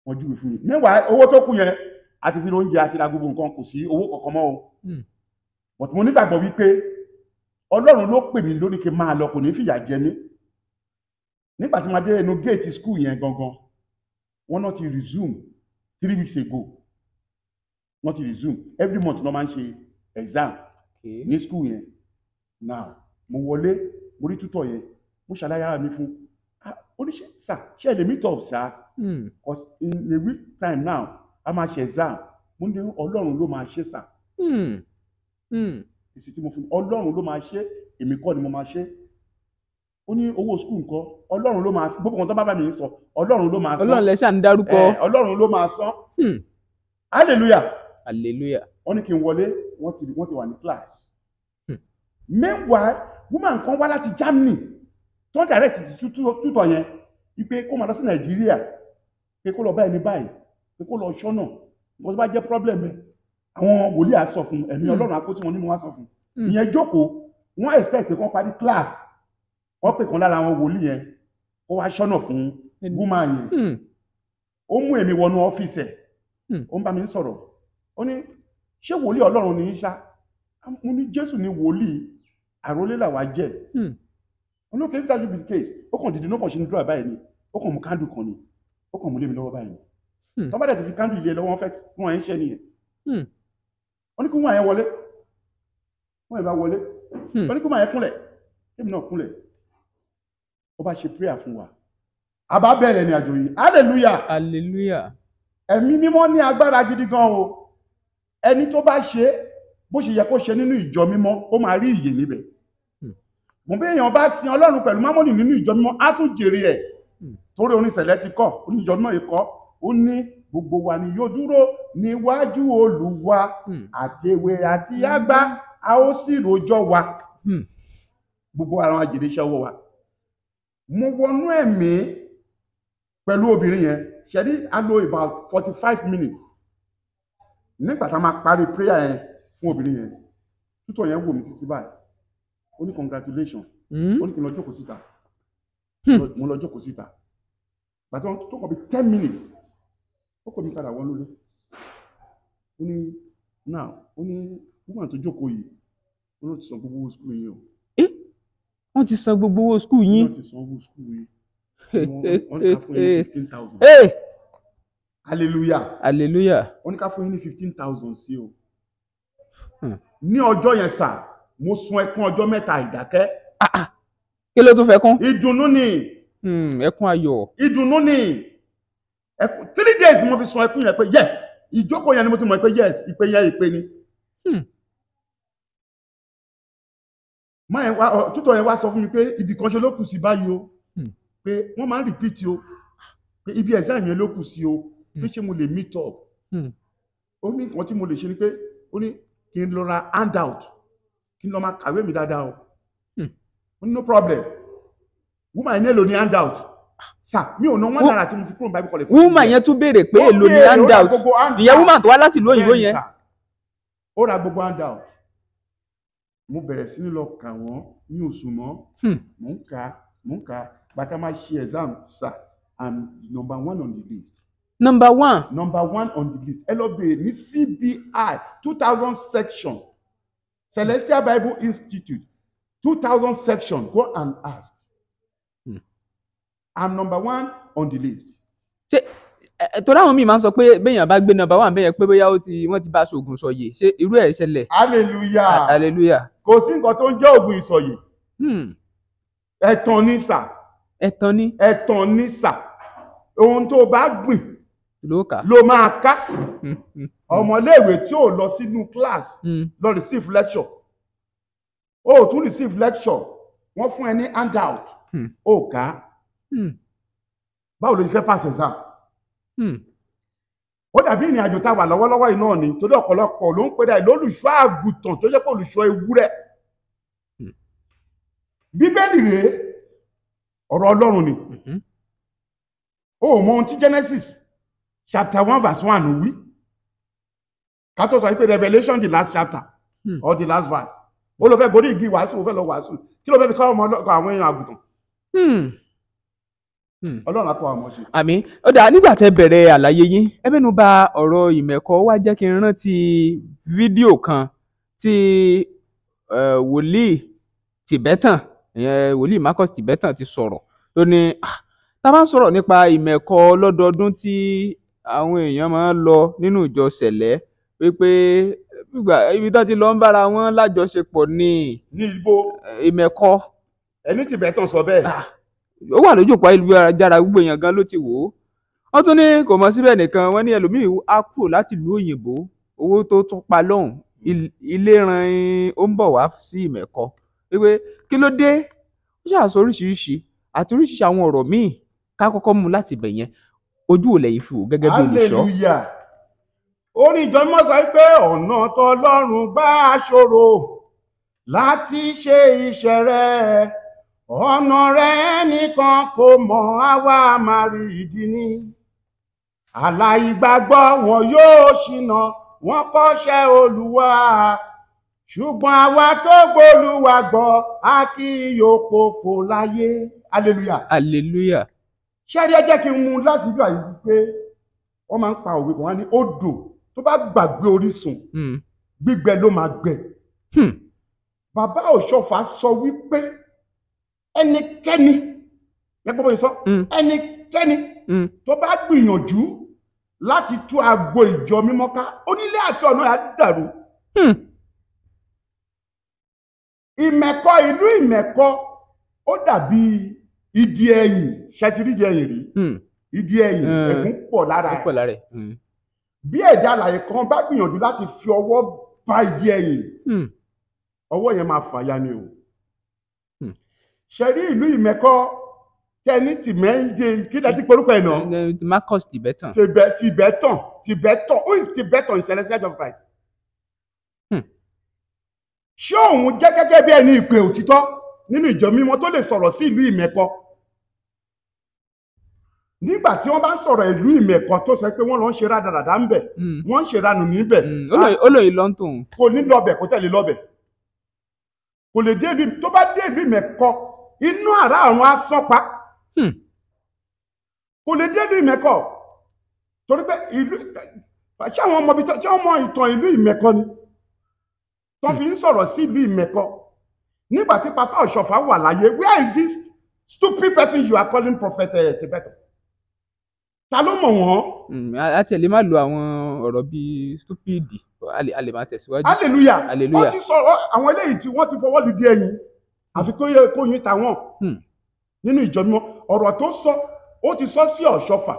wọ́n júwe fún mi mẹ́wàá owó tó kù yẹn àti fi lóúnjẹ àti ra gbogbo nǹkan kò sí owó kankan mọ́ o but mo nígbàgbọ́ wípé ọlọ́run ló pè mí lórí kí n máa lọ kò ní fìyà jẹ mí nígbà tí mo dé inú géètì skul yẹn gangan wọn náà ti resume three weeks ago wọn ti resume every month náà máa ń ṣe exam ní skul yẹn now mo wọlé mo rí tútọ̀ yẹn mo ṣàlàyé ara mi fún oníṣẹ́ sà ṣe lè meet up sà hmm. cause in a week time now a máa ṣe exam mo ní ọlọ́run ló máa ṣe sà èsì tí mo fún ọlọ́run ló máa ṣe èmi kọ́ ni mo máa ṣe ó ní owó skul nǹkan ọlọ́run ló máa gbogbo kan tó bá bá mi sọ ọlọ́run ló máa san ọlọ́run lẹ́sà ń dárúkọ ọlọ́run ló máa san hmm. hallelujah hallelujah wọ́n ní kí n wọlé wọ́n ti wọ́n ti wà ní class hmm. meanwhile woman kan wá láti Germany tó ń direct ti tútọ̀ yẹn wípé kó máa lọ sí Nàìjíríà pé kó lọ bá ẹni báyìí pé kó lọ ṣọ́nà wọ́n bá jẹ́ problem ẹ̀ àwọn wòlíì á sọ fún ẹ̀mí hmm. ọlọ́run akó tí wọ́n ní mo wá sọ fún hmm. ìyẹn jókòó wọ́n expect pé kán parí class wọ́n pè kán lára àwọn wòlíì yẹn ó wá ṣọ́nà fún gúmà hmm. yẹn ó mú èmi wọnú ọ́fíìsì ẹ̀ ó ń bá mi sọ̀rọ̀ ó ní ṣé wòlíì ọlọ́run ní í ṣá mo ní jésù ní wòlíì àrólé làwa jẹ́ olókè if that should case ó kàn dìde ní ó kàn ṣe ní dúrà báyìí ni ó kàn mú kándù kan ni ó kàn mú lé mi lọ́wọ́ báyìí ni tọ́ bá dẹ̀ ti fi kándù ilé e lọ́wọ́ wọn fẹ́ fún ẹ̀ ń ṣẹ́ nìyẹn wọ́n ní kí wọ́n yẹn wọlé wọ́n yẹn bá wọlé wọ́n hmm. ní kí wọ́n yẹn kúnlẹ̀ èmi náà kúnlẹ̀ ó bá ṣe prayer fún wa a bá bẹ̀rẹ̀ ní àjò yìí hallelujah hallelujah ẹ̀mí mímọ́ ní agbára gidi gan o ẹni tó bá ṣe bó ṣe yẹ kó ṣe nínú ìjọ mímọ́ ó máa rí ìyè níbẹ̀ hmm. mo bí èèyàn bá sin ọlọ́run pẹ̀lú mámọ́nì nínú ìjọ mímọ́ á tún jèrè ẹ̀ hmm. torí oníṣẹ̀lẹ̀ ti kọ́ oníjọ mímọ́ yìí kọ́ ó ní gbogbo wa ni yóò dúró níwájú olúwa hmm. àtèwe àti àgbà a ó sì rojọ́ wa hmm. gbogbo àwọn àjèdèṣẹ́ ọwọ́ wa mo wọnú ẹ̀mí pẹ̀lú obìnrin yẹn ṣẹ́rí a lo about forty five minutes nígbà tá a máa parí prayer yẹn fún obìnrin yẹn tútọ̀ yẹn wò mí títí báyìí ó ní congratulation hmm. ó ní kí n lọ jókòó síta mo lọ jókòó síta gbàtọ́ tó kọ̀ bí ten minutes ó pè mí padà wọnú ilé ó ní now ó ní woman tó jókòó yìí ó ti san gbogbo owó skul yìí o. ẹ eh? wọ́n ti san gbogbo owó skul yìí. wọ́n ti san owó skul yìí wọ́n ká fún yín fifteen thousand. Eh! hallelujah hallelujah wọ́n ní ká fún yín ní fifteen thousand sí o. Hmm. ní ọjọ́ yẹn sà mo sun ẹkún ọjọ́ mẹ́ta ìdákẹ́. Ah, ah. kí ló tún fẹ́ kún. ìdùnnú ni. Hmm, ẹkún ayọ̀. ìdùnnú ni three days mo fi sun ẹkùn yẹn pé yes ìjókòó yẹn ni mo ti mọ̀ pé yes ìpè yẹn ìpè ni. Hmm. máa yẹn wá tútọ̀ yẹn wá sọ fún mi pé ibì kan ṣe ló kù sí báyìí o hmm. pé wọ́n máa ń repeat o pé ibi exam yẹn ló kù sí o pé hmm. ṣé mo lè meet up ó ní nǹkan tí mo lè ṣe ni pé ó ní kí n lọ ra handout kí n lọ máa kàwé mi dáadáa o ó ní no problem woman yẹn lò ní handout sà mi ò ná one naira tí mo fi kúrò báyìí kọ́lé fún mi. woman yẹn tún béèrè pé èlò ni handout ìyẹn woman tó wá láti ìlú òyìnbó yẹn. ó ra gbogbo handout mo bẹ̀rẹ̀ sí ní lọ kà wọ́n ní oṣù mọ́ mò hmm. ń ka mò ń ka bàtà máa ṣe exam sà and number one on the list. number one. number one on the list ẹ lọ béèrè ní CBI two thousand section Celestial Bible Institute two thousand section go and ask I'm number one on the list. ṣé torí àwọn míì máa ń sọ pé béèyàn bá gbé number one bẹ́yẹn pé bóyá ó ti wọ́n ti bá aṣọ ògùn sọ̀yè ṣé irú ẹ̀ ṣẹlẹ̀. hallelujah hallelujah. kò sí nǹkan tó ń jẹ́ ògùn ìsọ̀yè. Hmm. ẹ̀tàn ni sà. ẹ̀tàn ni. ẹ̀tàn ni sà. ohun tó o bá gbìn. ló kà. ló máa ká. Hmm, hmm, ọmọléèwé tí ò lọ sínú class. lọ receive lecture. o tún receive lecture wọ́n fún ẹ ní handout. ó kà á. Hmm. báwo ló ti fẹ́ pass exam hmm. ó dàbí ìrìn àjò tá a wà lọ́wọ́lọ́wọ́ yìí ni torí ọ̀pọ̀lọpọ̀ ló ń pè dá lólùṣọ́ àgùntàn tó jẹ́ pé olùṣọ́ ewúrẹ́ hmm. bíbélì rèé ọ̀rọ̀ ọlọ́run ni o mọ ohun tí Genesis chapter one verse one wí ká tó sọ pé Revelation the last chapter or the last verse ó lọ fẹ́ gorí igi wàásù ó fẹ́ lọ wàásù kí ló fẹ́ fi kọ́ ọmọ ọlọ́kọ̀ àwọn èèyàn àgùntàn. Hmm. ọlọ́run àpò àmọ́ ṣe. àmín ó dà nígbà tẹ bẹ̀rẹ̀ àlàyé yín ẹ mẹ́nu bà ọ̀rọ̀ ìmẹ̀kọ wá jẹ́ kí n rántí fídíò kan tí wòlíì Tibetan wòlíì Marcus Tibetan ti sọ̀rọ̀ ló ní tá a bá ń sọ̀rọ̀ nípa ìmẹ̀kọ lọ́dọọdún tí àwọn èèyàn máa ń lọ nínú ìjọ sẹ̀lẹ̀ wípé ibi tó ti lọ ń bára wọn lájọṣepọ̀ ni ìmẹ̀kọ. ẹni Tibetan sọ bẹ́ẹ̀ ó wà lójú òpó ayélujára gbogbo èèyàn gan ló ti wò ó wọ́n tún ní kò mọ̀ síbẹ̀ nìkan wọ́n ní ẹlòmíín á kúrò láti ìlú òyìnbó owó tó tún pa lọ́hùn ilé ó ń bọ̀ wá sí ìmẹ̀kọ wípé kí ló dé ó ṣàṣọ oríṣiríṣi àti oríṣiríṣi àwọn ọ̀rọ̀ míì ká kọ́kọ́ mú láti ibẹ̀ yẹn ojú ò lẹ́yìn fún gẹ́gẹ́ bí olùṣọ́. orí ìjọ pé ọ̀nà tọlọ́run bá a ṣòro láti ṣe iṣẹ́ rẹ̀ ọ̀nà rẹ̀ nìkan kò mọ̀ àwa máa rí ìdí ni aláìgbàgbọ́ wọn yóò ṣìnà wọn kọ́ṣẹ́ olúwa ṣùgbọ́n àwa tó gbólúwa gbọ́ a kì yóò pòfo láyé hallelujah hallelujah ṣẹ́rí ẹ jẹ́ kí n mú láti bí àyè wípé wọ́n máa ń pa òwe kan wá ní odò tó bá gbàgbé orísun hmm. gbígbẹ ló máa gbẹ hmm. bàbá òṣòfà sọ wípé ẹnikẹ́ni yẹ́pọ̀ bóyá sọ mm. ẹnikẹ́ni mm. tó bá gbìyànjú láti tú aago ìjọ mímọ́ ká onílé àti ọ̀nà yà dàrú. Mm. ìmẹ̀kọ ìlú ìmẹ̀kọ ó dàbí ìdí ẹ̀yìn ṣẹtìrìjẹ ẹ̀yìn rí ìdí ẹ̀yìn eh. ẹ̀gún pọ̀ lára ẹ̀ bí ẹ̀dá àlàyé kan bá gbìyànjú láti fi ọwọ́ bá ìdí ẹ̀yìn ọwọ́ yẹn máa fàya ni o. Hmm ṣe rí ìlú ìmẹ̀kọ́ tẹni tìmẹ́ǹde kí lẹ́tí porúkọ ẹ̀ náà. Marcus Tibetan. Tibetan Tibetan who is Tibetan in Celestial Church of Christ. Hmm. ṣé òun jẹ́ gẹ́gẹ́ bí ẹni ìpè òtítọ́ nínú ìjọ mímọ́ tó lè sọ̀rọ̀ sí ìlú ìmẹ̀kọ́ nígbà tí wọ́n bá ń sọ̀rọ̀ ìlú ìmẹ̀kọ́ tó sọ pé wọ́n lọ ń ṣe rádaràdà ńbẹ̀ hmm. wọ́n ń ṣe ranù níbẹ̀. Hmm. ó lè lọ tòun. kò ní lọbẹ̀ kó tẹ̀lé lọbẹ̀ kò lè dé ìlú tó bá dé ìlú ìmẹ̀kọ́ inú àrá àwọn asọ́pa hmm. kò lè dédé ìmẹ̀kọ torí pé ìlú ṣé àwọn ọmọ bíi ṣé ọmọ ìtàn ìlú ìmẹ̀kọ ni tó hmm. fi ń sọ̀rọ̀ sí ìlú ìmẹ̀kọ nígbà tí papa ọ̀ṣọ́fà wà láyé where is this stupid person you are calling prophet eh, Tibetan ta ló mọ̀ wọ́n. àti hmm, ẹ̀ lè má lo àwọn ọ̀rọ̀ bíi stupid a lè máa tẹ̀síwájú. hallelujah wọ́n ti sọ̀rọ̀ àwọn eléyìí tí wọ́n ti fọwọ́ lu di ẹyin àfi kó yẹ kó yín tàwọn hmm. nínú ìjọ mímọ́ ọ̀rọ̀ tó sọ ó ti sọ sí ọ̀ṣọ́fà.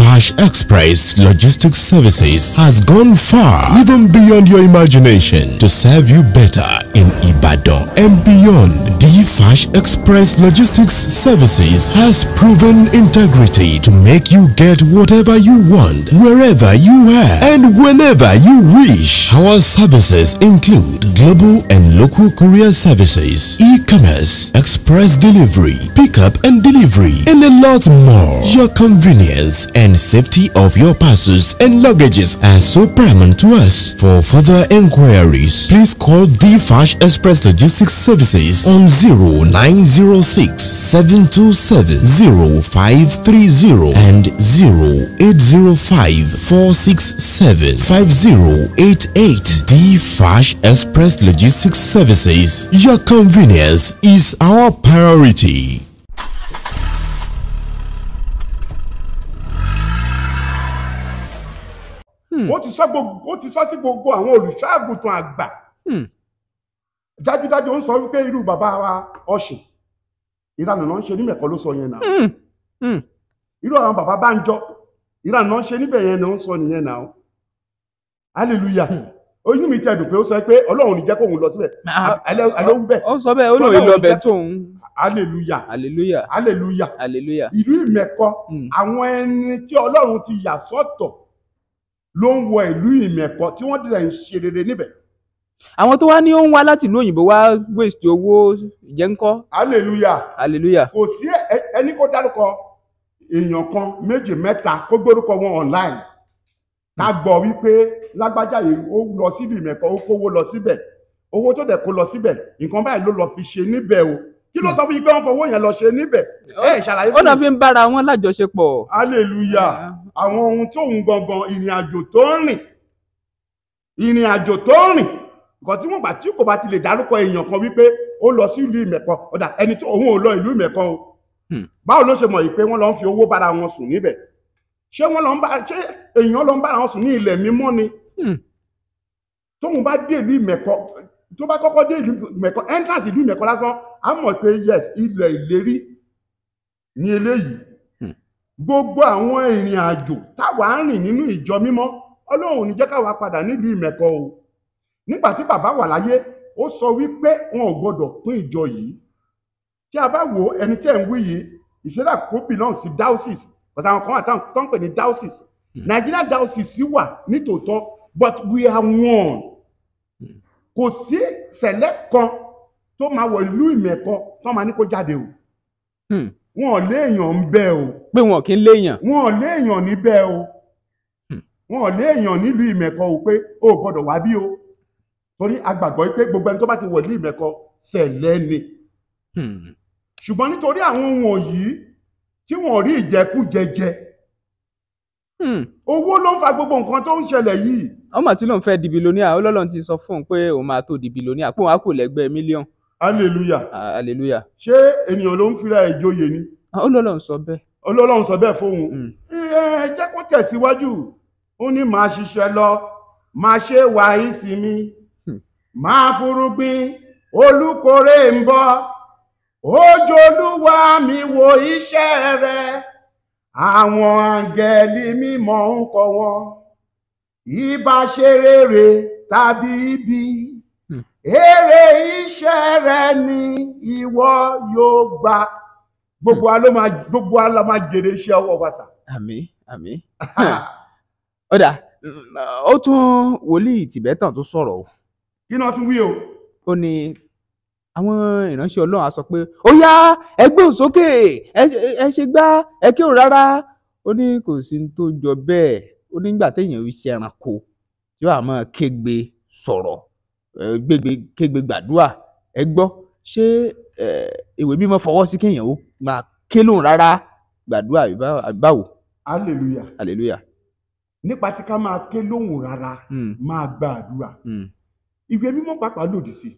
Flash Express Logistics Services has gone far, even beyond your imagination, to serve you better in Ibadan and beyond. DFASH Express Logistics Services has proven integrity to make you get whatever you want, wherever you are, and whenever you wish. Our services include global and local courier services, e-commerce, express delivery, pickup and delivery, and a lot more. Your convenience and safety of your parcels and luggages are so paramount to us. For further inquiries, please call DFASH Dash Express Logistics Services on 0906 727 0530 and 0805 467 5088. Dash Express Logistics Services. Your convenience is our priority. Hmm. ó ti sọ sí gbogbo àwọn olùṣọ́ àgùntàn àgbà hmm. dájúdájú ń sọ wípé irú bàbá wa ọ̀sìn ìranù náà ń ṣe nímẹ̀kọ́ ló sọ yẹn náà hmm, hmm. irú àwọn bàbá bá ń jọ ìranù náà ń ṣe níbẹ̀ yẹn náà ń sọ nìyẹn náà hallelujah hmm. oyún mi ti ẹ̀dùn pé ó sọ pé ọlọ́run ní jẹ́ lọ síbẹ̀ alóhùn ah, ah. bẹ́ẹ̀ ó sọ bẹ́ẹ̀ ó lòun lọ bẹ́ẹ̀ tóun hallelujah hallelujah hallelujah hallelujah ìlú ìmẹ̀kọ àwọn ẹni tí ọlọ́run ti yà sọ́tọ̀ ló ń wọ ìlú ìmẹ̀kọ tí wọ́n ń rere níbẹ̀ àwọn tó wá ní ó ń wá láti ìlú òyìnbó wá waste owó ìjẹ́ ńkọ́. hallelujah hallelujah kò sí ẹni kó dárúkọ èèyàn kan méjì mẹ́ta kó gbórúkọ wọn online ká hmm. gbọ́ wípé lágbájá yìí ó lọ síbi ìmẹ̀kọ ó kówó lọ síbẹ̀ owó tó dẹ̀ kó lọ síbẹ̀ nǹkan báyìí ló lọ fi ṣe níbẹ̀ o kí ló hmm. sọ fún yín pé wọ́n fowó yẹn lọ ṣe níbẹ̀ ẹ ṣàlàyé fún mi. ó náà fi ń bára wọn lájọṣepọ̀. hallelujah àwọn ohun tóun gangan ìrìn àjò tó ń rìn ìrìn àjò tó ń rìn nǹkan tí wọ́n gbà tí kò bá ti lè dárúkọ èèyàn kan wípé ó lọ sí ìlú ìmẹ̀kọ ọ̀dà ẹni tí òun ò lọ ìlú ìmẹ̀kọ o hmm. báwo ló ṣe mọ̀ yìí pé wọ́n lọ ń fi owó bára wọn sùn níbẹ̀ ṣé wọ́n lọ ń bá ṣé èèyàn lọ ń bára wọn sùn ní ilẹ̀ mímọ́ ni hmm. tóun bá dé ìlú ìmẹ̀kọ tó bá kọ́kọ́ dé ìlú ìmẹ̀kọ entrance ìlú ìmẹ̀kọ lásán á mọ̀ pé yes ilẹ̀ ìlérí ni eléyìí hmm. gbogbo àwọn ìrìn àjò táwa ń rìn nínú ìjọ mímọ́ ọlọ́run ò ní jẹ́ káwa padà nílùú ìmẹ̀kọ o nígbà tí bàbá wà láyé ó sọ wípé wọn ò gbọdọ̀ pín ìjọ yìí tí a bá wo ẹni tí ẹ̀ ń wí yìí ìṣẹ́dá kó belong sí diocese but àwọn kan àtàwọn tó ń pè ní diocese hmm. Nigeria diocese wà nítòótọ́ but we are one kò sí sẹ̀lẹ̀ kan tó máa wọ ìlú ìmẹ̀kọ tó máa ní kó jáde o hmm. wọn ò léèyàn ń bẹ o. pé wọn kì í léèyàn. wọn ò léèyàn níbẹ̀ o hmm. wọn ò léèyàn nílùú ìmẹ̀kọ o pé o gbọ́dọ̀ wá bí o torí a gbàgbọ́ pé gbogbo ẹni tó bá ti wọ̀lú ìmẹ̀kọ sẹ̀lẹ̀ ni hmm. ṣùgbọ́n nítorí àwọn wọ̀nyí tí wọ́n rí ìjẹkújẹjẹ hmm. owó ló ń fa gbogbo nǹkan tó ń ṣẹlẹ̀ yìí. ọmọ tí lóun fẹ́ dibilóníà ọlọ́lọ́run ti sọ fún un pé òun máa tó dibilóníà pé òun á kò lẹ́gbẹ́ mílíọ̀n. hallelujah. Ah, hallelujah. ṣé ènìyàn ló ń fira ẹ̀ joyè ni. ọlọ́lọ́run ah, sọ bẹ́ẹ̀. ọlọ́lọ́run sọ bẹ́ẹ̀ fóun. Hmm. ẹ jẹ́ kó tẹ̀síwájú ó ní màá ṣiṣẹ́ lọ màá ṣe wàá ìsinmi máa furugbin olùkórè ń bọ̀ ojú olúwa mi wo iṣẹ́ rẹ̀ àwọn àǹgẹ̀lì mímọ́ ń kọ wọn ìbá ṣe rere tàbí ibi hmm. èrè iṣẹ́ rẹ̀ ni ìwọ yóò gbà gbogbo wa ló máa gbogbo wa la máa jèrè iṣẹ́ ọwọ́ wa sà. àmín àmín ó tún wòlíì tìbẹ́tàn tó sọ̀rọ̀ o kí náà tún wí o. ó ní àwọn ìránṣẹ́ ọlọ́run á sọ pé ó yá ẹ gbóhùn sókè ẹ ṣe gbá ẹ kí òun rárá ó ní kò sí ní tó jọ bẹ́ẹ̀ ó ní nígbà téèyàn ń ṣe ẹranko yóò àmọ́ kégbe sọ̀rọ̀ gbégbe kégbe gbàdúrà ẹ gbọ́ ṣé ìwé mímọ́ fọwọ́ sí kéèyàn ó máa ké lóhùn rárá gbàdúrà báwo. hallelujah hallelujah. nípa tí ká máa ké lóhùn rárá hmm. máa gbàdúrà. Hmm ìwé mímọ́ pàápàá lòdì sí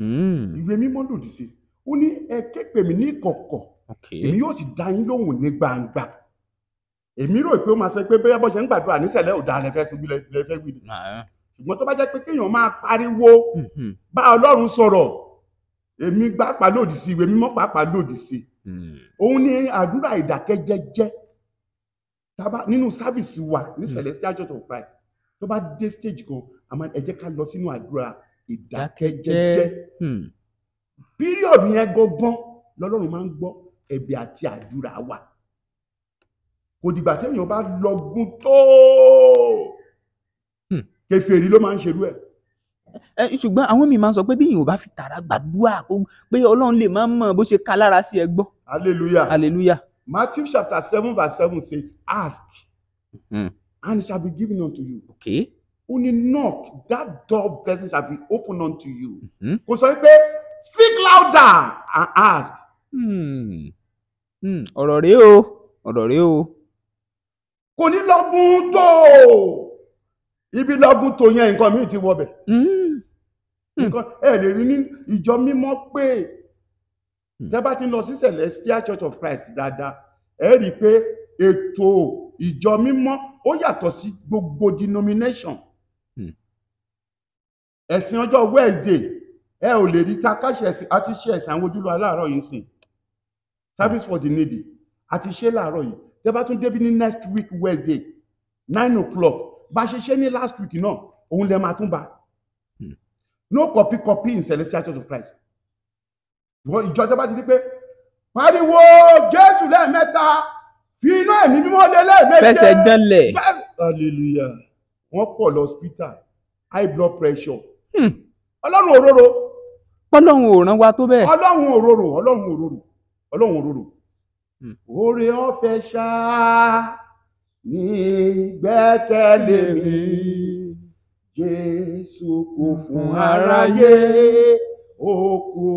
hmm. ìwé mímọ́ lòdì sí ó ní ẹ ké pè mí ní kọ̀kọ̀ èmi yóò sì dá yín lóhùn ní gbangba èmi rò pé ó máa sọ pé bóyá bó ṣe ń gbàdúrà nísẹ̀lẹ̀ ò dáa lẹ́fẹ́ síbi lẹ́fẹ́ wí ni ah, eh. ṣùgbọ́n tó bá jẹ́ pé kéèyàn máa pariwo hmm. bá Ọlọ́run sọ̀rọ̀ èmi pàápàá lòdì sí ìwé mímọ́ pàápàá lòdì sí hmm. òun ni àdúrà ìdákẹ́jẹ́jẹ́ nínú sábìsì wa ní Celestial Church of Christ tó bá dé stage kan àmọ́ ẹ ká lọ sínú àdúrà ìdákẹ́jẹ́jẹ́ hmm. píríọ̀dù yẹn gangan lọ́lọ́run máa ń gbọ́ ẹ̀bẹ̀ àti àdúrà wa kò dìgbà téèyàn bá lọ́gùn tó hmm. kèfèrí ló máa ń ṣerú ẹ̀ ṣùgbọ́n àwọn míì máa ń sọ pé bí èèyàn ò bá fi tààrà gbàdúrà pé ọlọ́run lè máa mọ̀ bó ṣe ka lára sí ẹ gbọ́. hallelujah hallelujah. Matthew chapter seven verse seven says ask mm. and it shall be given unto you. okay When you knock that door blessing shall be opened unto you. Mm-hmm. kò sọ pé speak louder and ask. Hmm. Hmm. o ọ̀rọ̀ rèé o. kò ní ibi lọ́gùn tó yẹn nǹkan mi ti wọ bẹ̀. Hmm. Hmm. nǹkan ẹ lè rí ní ìjọ mímọ́ pé hmm. tẹ́ bá ti lọ sí Celestial Church of Christ dáadáa ẹ rí i pé ètò ìjọ mímọ́ ó yàtọ̀ sí gbogbo denomination ẹ̀sìn ọjọ́ Wednesday ẹ ò lè rí ta káṣẹ ẹ̀sìn àti ṣe ẹ̀sìn àwọn ojúlọ aláàárọ̀ yìí sìn service for the needy àti ṣe láàárọ̀ yìí tẹ́ bá tún débi ní next week Wednesday nine o'clock bá ṣe ṣe ní last week náà òun lè máa tún bá hmm. no copy copy in Celestial Church of Christ ìjọ tẹ́ bá ti di pé pariwo Jésù lẹ́ẹ̀mẹ́ta fi iná ẹ̀mí mímọ́ lé lẹ́ẹ̀mẹ́ta fẹsẹ̀ dánlẹ̀ hallelujah wọ́n pọ̀ lọ hospital high blood pressure Hmm. ọlọ́run òróró. ọlọ́run ò rán wa tó bẹ́ẹ̀. ọlọ́run òróró ọlọ́run òróró ọlọ́run òróró. Hmm. oore ọ̀fẹ́ ṣá ní gbẹ́kẹ̀lé mi jésù kò fún aráyé ó kò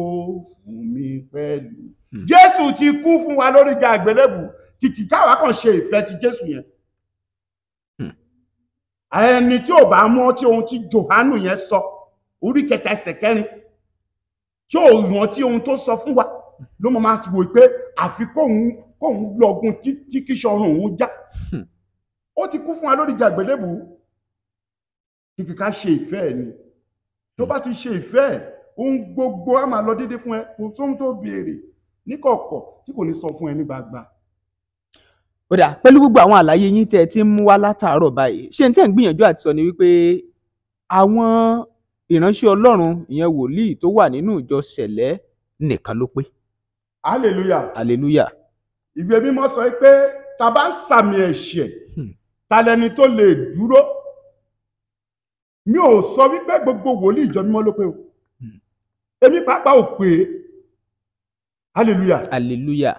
fún mi pẹ̀lú. Hmm. jésù ti kú fún wa lórí ga àgbélébù kìkì káwa kàn ṣe ìfẹ́ ti jésù yẹn ẹni tí ò bá mú ọtí ohun tí johanu yẹn sọ orí kẹta ẹsẹ̀ kẹrin tí ò yàn tí ohun tó sọ fún wa ló mọ máa wò pé àfi kóun kóun lọgun tí kí sọrun òun já hmm. ó ti kú fún wa lórí jàgbélébù kìkì ká ṣe ìfẹ́ ẹ̀ ni tó bá ti ṣe ìfẹ́ ẹ̀ ohun gbogbo á máa lọ déédéé fún ẹ kò sóhun tó béèrè níkọ̀ọ̀kọ̀ tí kò ní sọ fún ẹ ní gbangba. ó dà pẹ̀lú gbogbo àwọn àlàyé yín tẹ́ ẹ ti ń mú wá látàárọ̀ báyìí ṣé n tẹ́ ń gbìyànjú àti sọ ni wípé àwọn ìránṣẹ́ ọlọ́run ìyẹn wòlíì tó wà nínú ìjọ sẹ̀lẹ́ nìkan ló pé. hallelujah. hallelujah. ìwé mímọ́ sọ pé ta bá ń sàmì ẹ̀ṣẹ̀ hmm. ta lẹni tó lè dúró mi ò sọ wípé gbogbo wòlíì ìjọ mímọ́ ló pé o hmm. èmi pàápàá ò pé hallelujah. hallelujah.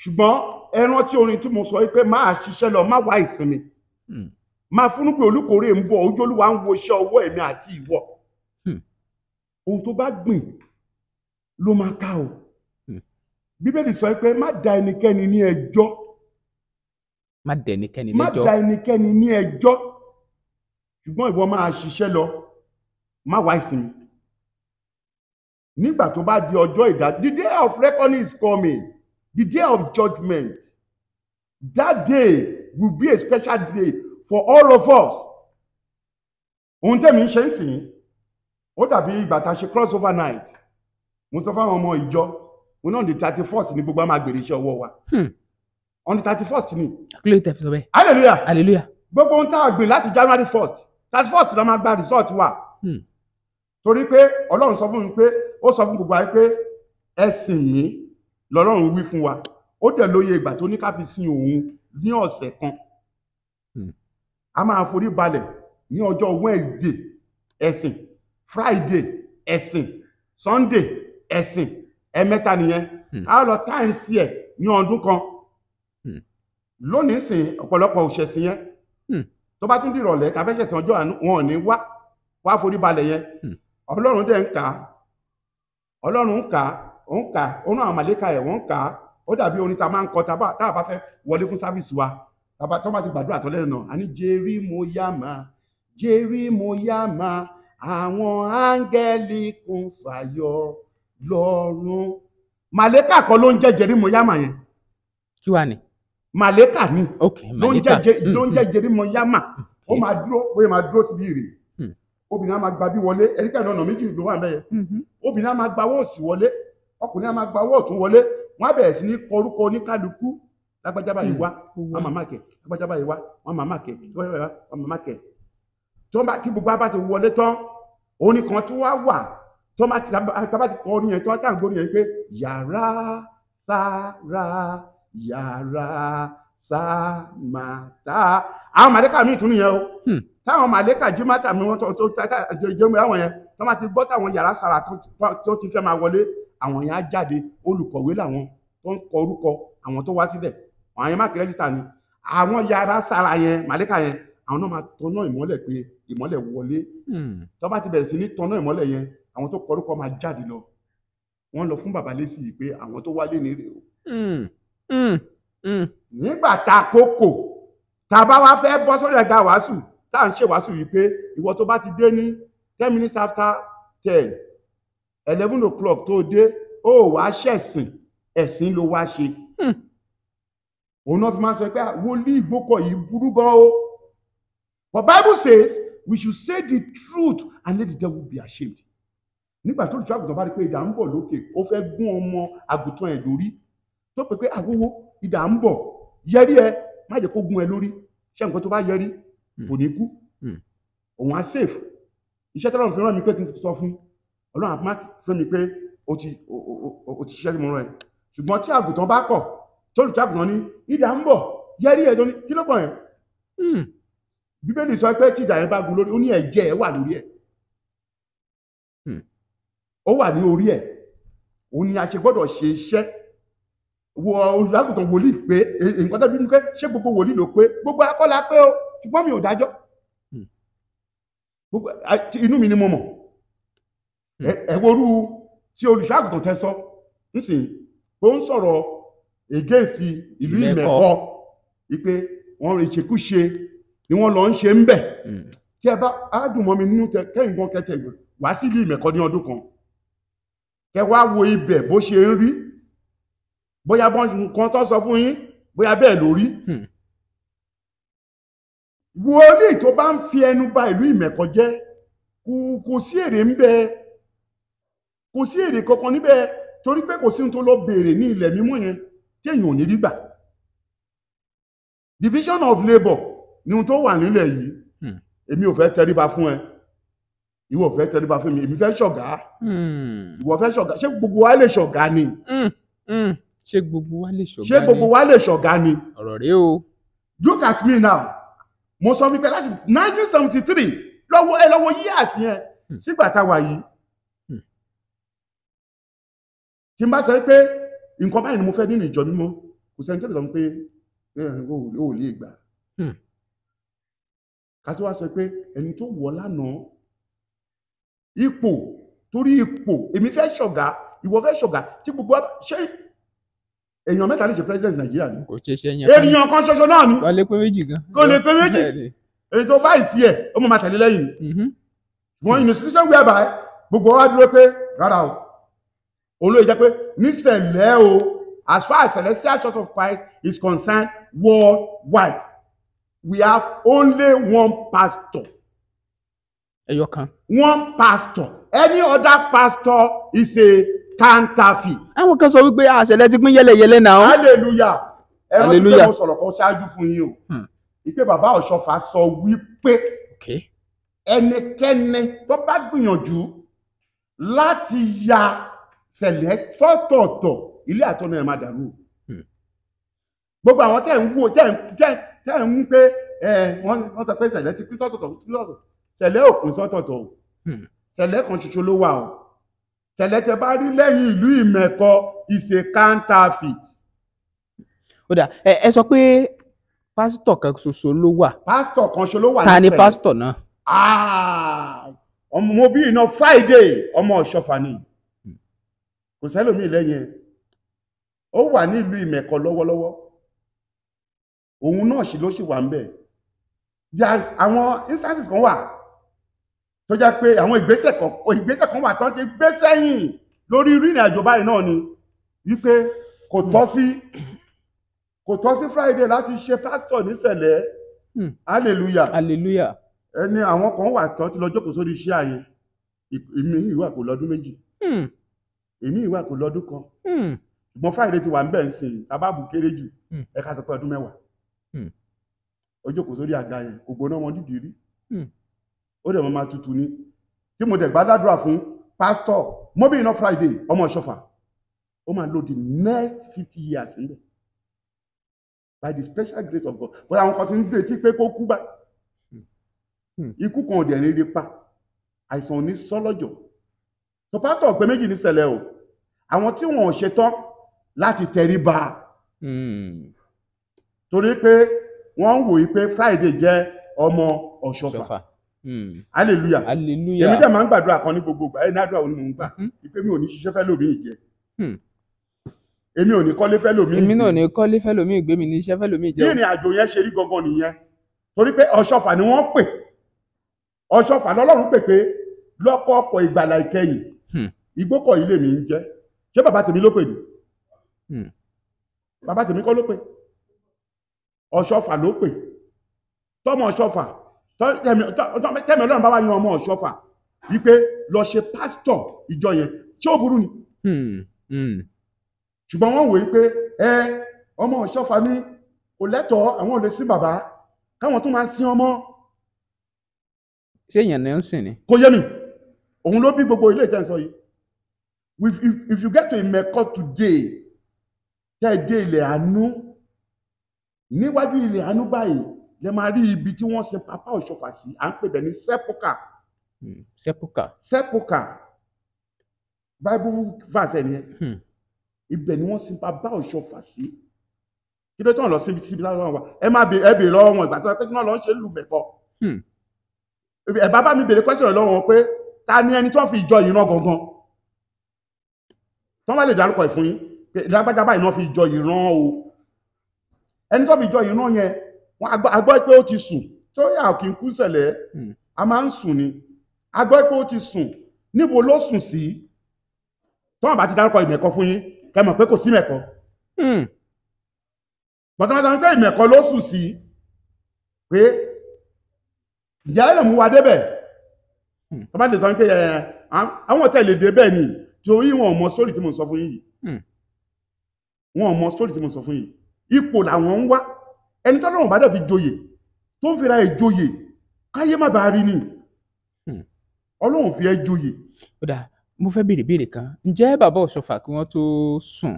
ṣùgbọ́n ẹ rántí orin tí mo sọ pé máa ṣiṣẹ́ lọ má wá ìsinmi hmm. máa fúnú pé olùkórè ń bọ̀ ojú olúwa ń wo iṣẹ́ ọwọ́ èmi àti ìwọ ohun tó bá gbìn ló máa ká o hmm. bíbélì sọ pé má dá ẹnikẹ́ni ní ẹjọ́ má dá ẹnikẹ́ni ní ẹjọ́ má dá ẹnikẹ́ni ní ẹjọ́ ṣùgbọ́n ìwọ máa ṣiṣẹ́ lọ má wá ìsinmi nígbà tó bá di ọjọ́ ìdá the day of reckoning is coming the day of judgment that day will be a special day for all of us ohun tẹ̀mí ń ṣe ń sìn yín ó dàbí ìgbà tá a ṣe cross over night mo sọ fáwọn ọmọ ìjọ mo náà ní thirty first ni gbogbo àwọn àgbèrè iṣẹ́ ọwọ́ wa hmm. on the thirty first ni. kílódé tẹ̀ fi sọ bẹ́ẹ̀. hallelujah hallelujah. gbogbo ohun tá a gbìn láti january first thirty first la máa gba result wa. Hmm. torí pé ọlọ́run sọ fún mi pé ó sọ fún gbogbo ayé pé ẹ sìn mí lọ́lọ́run wí fún wa ó dẹ̀ lóye ìgbà tó ní ká fi sin òun ní ọ̀sẹ̀ kan hmm. a máa forí balẹ̀ ní ọjọ́ wednesday ẹ̀sìn friday ẹ̀sìn sunday ẹ̀sìn ẹ̀mẹ́ta nìyẹn hmm. a lọ times ẹ̀ ní ọdún kan hmm. lónìí sìn ọ̀pọ̀lọpọ̀ òṣèṣin yẹn hmm. tó bá tún di ìrọ̀lẹ́ tàbí ẹ̀ṣẹ̀ṣẹ̀ ọjọ́ wọn ò ní wá wá forí balẹ̀ yẹn ọlọ́run dẹ̀ ń kà á ọlọ́run ń kà á ó ń kà á ó náà màlẹ́kà ẹ̀ wọ́n ń kà á ó dàbí orin tá a máa ń kọ tá a bá fẹ́ wọlé fún sáfíìsì wa tó bá ti gbàdúrà tó lẹ́nu náà a ní jerry mo yá máa jerry mo yá máa àwọn áńgẹ́lì kún fàyọ̀ lọ́rùn. màlẹ́kà kọ́ ló ń jẹ́ jẹ̀rímọ̀ yámà yẹn. kí wàá ni. màlẹ́kà ni hmm, ló ń jẹ́ hmm. jẹ̀rímọ̀ yámà ó máa dúró bóyá máa dúró síbi ìrè hmm. obìnrin á máa gba bí wọlé ẹnikẹ́ ìdáná méjì ló wà mẹ́yẹ mhm. obìnrin á máa gba ọwọ́ òsì wọlé ọkùnrin á máa gba ọwọ́ ọ̀tún wọlé wọ́n á bẹ̀rẹ̀ sí ní kọrúkọ oníkálukú lágbájá báyìí wá wọn màmá kẹ lágbájá báyìí wá wọn màmá kẹ lágbájá báyìí wá wọn màmá kẹ tí gbogbo abá ti wọlé tán Oni nìkan tó wá wà tó máa ti ba ti kọ orin yẹn tó wá tàǹgbó orin yẹn pé yàrá sára yàrá sàmàtà àwọn mi míì tún nìyẹn o hmm. táwọn màlẹ́kà jimata mi wọn tó jẹun àwọn yẹn To ma ti gbọ́ táwọn yàrá sára tó ti fẹ́ máa wọlé àwọn yẹn á jáde olùkọ̀wé làwọn tó ń kọ orúkọ àwọn tó wá síbẹ̀ àwọn yẹn má kí rẹ́jísítà ni àwọn yàrá sára yẹn màlẹ́kà yẹn àwọn náà máa tọ́nà ìmọ́lẹ̀ pé ìmọ́lẹ̀ wọlé hmm. tó bá ti bẹ̀rẹ̀ sí ní tọ́nà ìmọ́lẹ̀ yẹn àwọn tó kọrúkọ máa jáde lọ wọ́n lọ fún bàbá lẹ́sì yìí pé àwọn tó wálé ní rèé o. Hmm. Hmm. nígbà tá a kókò tá a bá wá fẹ́ bọ́ sórí ẹ̀ga wàásù tá à ń ṣe wàásù yìí pé ìwọ tó bá ti dé ní ten minutes after ten eleven o'clock tó dé ó wàá ṣẹ̀sìn ẹ̀sìn ló wá ṣe. òun náà fi máa ń sọ pé wòlíì ìgbókọ̀ yìí burú gan o. But Bible says we should say the truth and let the devil be ashamed. Nígbà tó ìjọ àgùntàn bá rí pé ìdà ń bọ̀ lókè, ó fẹ́ gún ọmọ àgùntàn ẹ̀ lórí. Tó pè pé àwòwò ìdà ń bọ̀ yẹrí ẹ má jẹ́ kó gún ẹ lórí. Ṣé nǹkan tó bá yẹrí hmm. kò ní kú? Hmm. Òun á safe. Iṣẹ́ tọ́lọ́run fi rán mi pé kí n sọ fún. Ọlọ́run àpá fún mi pé o ti ṣiṣẹ́ tí mo rán ẹ. Ṣùgbọ́n tí àgùntàn bá kọ̀, tó ìjọ àgùntàn ní ìdà ń bọ̀ yẹrí ẹ tó ní kí ló kàn ẹ́? Hmm bíbélì sọ pé tíjà yẹn bá gun lórí ó ní ẹ̀jẹ̀ ẹ̀ wà lórí ẹ̀ hmm. ó wà ní orí ẹ̀ òun ni a ṣe gbọ́dọ̀ ṣe iṣẹ́ wo olùdákùtàn wòlíì pé e, e, nǹkan tó dúdú pé ṣé gbogbo wòlíì ló pé gbogbo akọ́lá pé o ṣùgbọ́n mi ò dájọ́ hmm. inú mi ni mo mọ̀ hmm. ẹ worú tí olùṣàgùtàn tẹ sọ nsìn ó ń sọ̀rọ̀ against ìlú ìmẹ̀kọ ipe wọn ìṣekúṣe ni wọ́n lọ ń ṣe ń bẹ̀ hmm. tí ẹ bá àádùn mọ́ mi nínú kẹ́yìn gan kẹ́tẹ̀ wá sí ilé ìmẹ̀kọ ní ọdún kan kẹ wá wo ibẹ̀ bó ṣe ń rí bóyá nǹkan tó sọ fún yín bóyá bẹ́ẹ̀ ló rí hmm. wòlíì tó bá ń fi ẹnu ba ìlú ìmẹ̀kọ jẹ́ kò sí èrè ń bẹ kò sí èrè kankan níbẹ̀ torí pé kò sí ohun tó lọ béèrè ní ilẹ̀ mímọ́ yẹn tí èèyàn ò ní rí gbà division of labour ní ohun tó wà nílẹ̀ yìí hmm. èmi ò fẹ́ tẹríba fún ẹ ìwọ fẹ́ tẹríba fún mi èmi fẹ́ ṣọ̀gá hmm. ìwọ fẹ́ ṣọ̀gá ṣé gbogbo wa lè ṣọ̀gá ni. Hmm. ṣé gbogbo wa lè ṣọ̀gá ni. ṣé gbogbo wa lè ṣọ̀gá ni. ọ̀rọ̀ rẹ o. look at me now mo sọ wípé láti nineteen seventy three lọ́wọ́ ẹ lọ́wọ́ years yẹn sígbà tá a wà yìí tí n bá sọ pé nǹkan báyìí ni mo fẹ́ nínú ìjọ mímọ́ kò sẹ́ni tó lè sọ pé o ò lè gbà ká tó wá sọ pé ẹni tó wọ̀ lánàá ipò torí ipò èmi fẹ́ ṣọ̀gá ìwọ fẹ́ ṣọ̀gá tí gbogbo ṣé èèyàn mẹ́ta lè ṣe president nàìjíríà ni kò ṣe ṣe yẹn ènìyàn kan ṣoṣo náà ni kò lè pé méjì gan kò lè pé méjì èyí tó báyìí sí ẹ ó mọ̀ máa tẹ̀lé lẹ́yìn wọn mm-hmm. institution whereby gbogbo wa dúró pé rárá o olóyè jẹ́ pé nísẹ̀lẹ̀ o as far as celestial church of Christ is concerned worldwide we have only one pastor. ẹyọ kan. one pastor any other pastor is a counterfeit. àwọn kan sọ wípé àṣẹlẹ ti pín yẹlẹyẹlẹ náà. hallelujah ẹ rántí pé mo sọ̀rọ̀ kan ṣáájú fún yín o ìpè hmm. bàbá ọ̀ṣọ́fà sọ wípé ẹnikẹ́ni tó bá gbìyànjú láti ya sẹ̀lẹ̀ sọ́tọ̀ọ̀tọ̀ ilé àtọ́nà ẹ̀ máa dàrú o gbogbo àwọn tẹ́ ń wò tẹ́ ń pé wọ́n sọ pé sẹ̀lẹ̀ ti pín sọ́tọ̀tọ̀ sọ́tọ̀tọ̀ sẹ̀lẹ̀ ò pín sọ́tọ̀tọ̀ o sẹ̀lẹ̀ hmm. kan ṣoṣo ló wà o sẹ̀lẹ̀ tẹ bá rí lẹ́yìn ìlú ìmẹ̀kọ is a counterfeit. ó dà ẹ sọ pé pásítọ̀ kan ṣoṣo ló wà. pásítọ̀ kan ṣoṣo ló wà ní sẹ̀lẹ̀ ta ni pásítọ̀ náà. Ah! ọmọ mo bí iná Friday ọmọ ọ̀ṣọ́fà ni hmm. kò sẹ́lómi lẹ́yìn ẹ̀ ó wà ní ìlú ìmẹ̀kọ lọ́wọ́lọ́wọ́ òun náà sì ló sì wà ń bẹ̀ àwọn instances kan wà tó jẹ́ pé àwọn ìgbésẹ̀ kan ìgbésẹ̀ kan wà tó ń ti gbé sẹ́yìn lórí ìrìn àjò báyìí náà ni wípé kò tọ́ sí kò tọ́ sí Friday láti ṣe pastor nísẹ̀lẹ̀ hmm. hallelujah hallelujah ẹni àwọn kan wà tó ti lọ jókòó sórí iṣẹ́ ààyè èmi ìwà kò lọ́dún méjì èmi hmm. ìwà kò lọ́dún kan hmm. ṣùgbọ́n Friday ti wà ń bẹ̀ ń sìn abáàbù kéré jù ẹ̀ka sọ pé ọdún mẹ́wàá Hmm. ó jókòó sórí àga yẹn kò gbóná wọn dídì rí hmm. ó dẹ̀ mọ́ máa tutù ni tí mo dẹ̀ gbàdúrà fún pásítọ̀ mọ́bí iná Friday ọmọ ìṣọ̀fà ó máa lo the next fifty years níbẹ̀ by the special grace of God but àwọn kan ti ń gbé tí pé kó kú bá hmm. ikú kan ò dẹ̀ ní rí pa àìsàn ò ní sọ́lọ́jọ̀ tó pásítọ̀ pé méjì ní ṣẹlẹ̀ o àwọn tí wọn ò ṣetán láti tẹríba torí pé wọ́n ń wòye pé Friday jẹ́ ọmọ Ọ̀ṣọ́fà hmm. hallelujah hallelujah èmi dẹ̀ máa ń gbàdúrà kan ní gbogbo ìgbà ẹni àdúrà òní mò ń gbà mm-hmm. pé mi ò ní ṣiṣẹ́ fẹ́ lómi ìjẹ hmm. èmi ò ní kọ́lé fẹ́ lómi èmi náà ò ní kọ́lé fẹ́ lómi ìgbé mi ní iṣẹ́ fẹ́ lómi ìjẹ bí ìrìn àjò yẹn ṣe rí gangan nìyẹn torí pé Ọ̀ṣọ́fà ni wọ́n pè Ọ̀ṣọ́fà lọ́lọ́run pè pé lọ́kọ́ ọkọ̀ ìgbàlà ìkẹyìn ìgbókọ̀ hmm. ilé mi ń jẹ́ ṣé bàbá tèmi ló pè ní bàbá tèmi kọ́ ló pè ní ọ̀ṣọ́fà ló pè tọ́mọ ọ̀ṣọ́fà tẹ́mi ọlọ́run bá wá yan ọmọ ọ̀ṣọ́fà wípé lọ ṣe pásítọ̀ ìjọ yẹn tí ó burú ni hmm, hmm. ṣùgbọ́n wọ́n wòye pé ẹ ọmọ ọ̀ṣọ́fà ní kò lẹ́tọ̀ọ́ àwọn ò lè bàbá káwọn tún máa sin ọmọ. ṣé èèyàn ni ń sìn ni. kò yé mi òun ló bí gbogbo ilé ìtẹ́sán yìí if you get to Emeko today tẹ́ ẹ dé ilẹ̀ àánú níwájú ilé àánú báyìí lẹ máa rí ibi tí wọ́n sin Papa Òṣọfà sí à ń pè bẹ̀ ní sẹ́pùkà. sẹ́pùkà. sẹ́pùkà bible verse ẹ̀ nìyẹn hmm. ibẹ̀ ni wọ́n sin Papa Òṣọfà sí kí ló tán lọ síbi síbi láwọn wa ẹ má bèrè ẹ bèrè lọ́wọ́ wọn ìgbà tó ẹ pé kí wọ́n lọ ń ṣe lù mẹ́kọ. Hmm. ẹ bàbá mi bèrè question lọ́wọ́ wọn pé ta ni ẹni tó fi ìjọ yìí rán gangan tó bá lè dárúkọ ìfún yín lágbájá báyìí náà fi ìjọ yìí rán o ẹni tó fi jọ ìran yẹn wọn agbọ́ pé ó ti sùn tó yà kí n kú sẹ̀lẹ̀ hmm. a máa ń sùn ni agbọ́ pé ó ti sùn níbo ló sùn sí tó wọn bá ti dárúkọ ìmẹ̀kọ fún yín kẹ́ mọ̀ pé kò sí mẹ̀kọ. bọ̀dọ̀mọ̀tà ń pẹ́ ìmẹ̀kọ ló sùn sí pé ìyá ẹ̀ lè mú wa débẹ̀ hmm. tó bá lè sọ pé àwọn tẹ̀ lè débẹ̀ ni torí wọn ò mọ sórí tí mo sọ fún yìí hmm. wọn mọ sórí tí mo sọ fún yìí ipò làwọn ń wá ẹni tọ́lọ́run bá dẹ̀ fi joyè tó ń fira ẹ̀ joyè káyé má bàa rí ni hmm. ọlọ́run fi ẹ joyè. ó dà mo fẹ́ béèrè béèrè kan ǹjẹ́ bàbá òṣòfà kí wọ́n tó sùn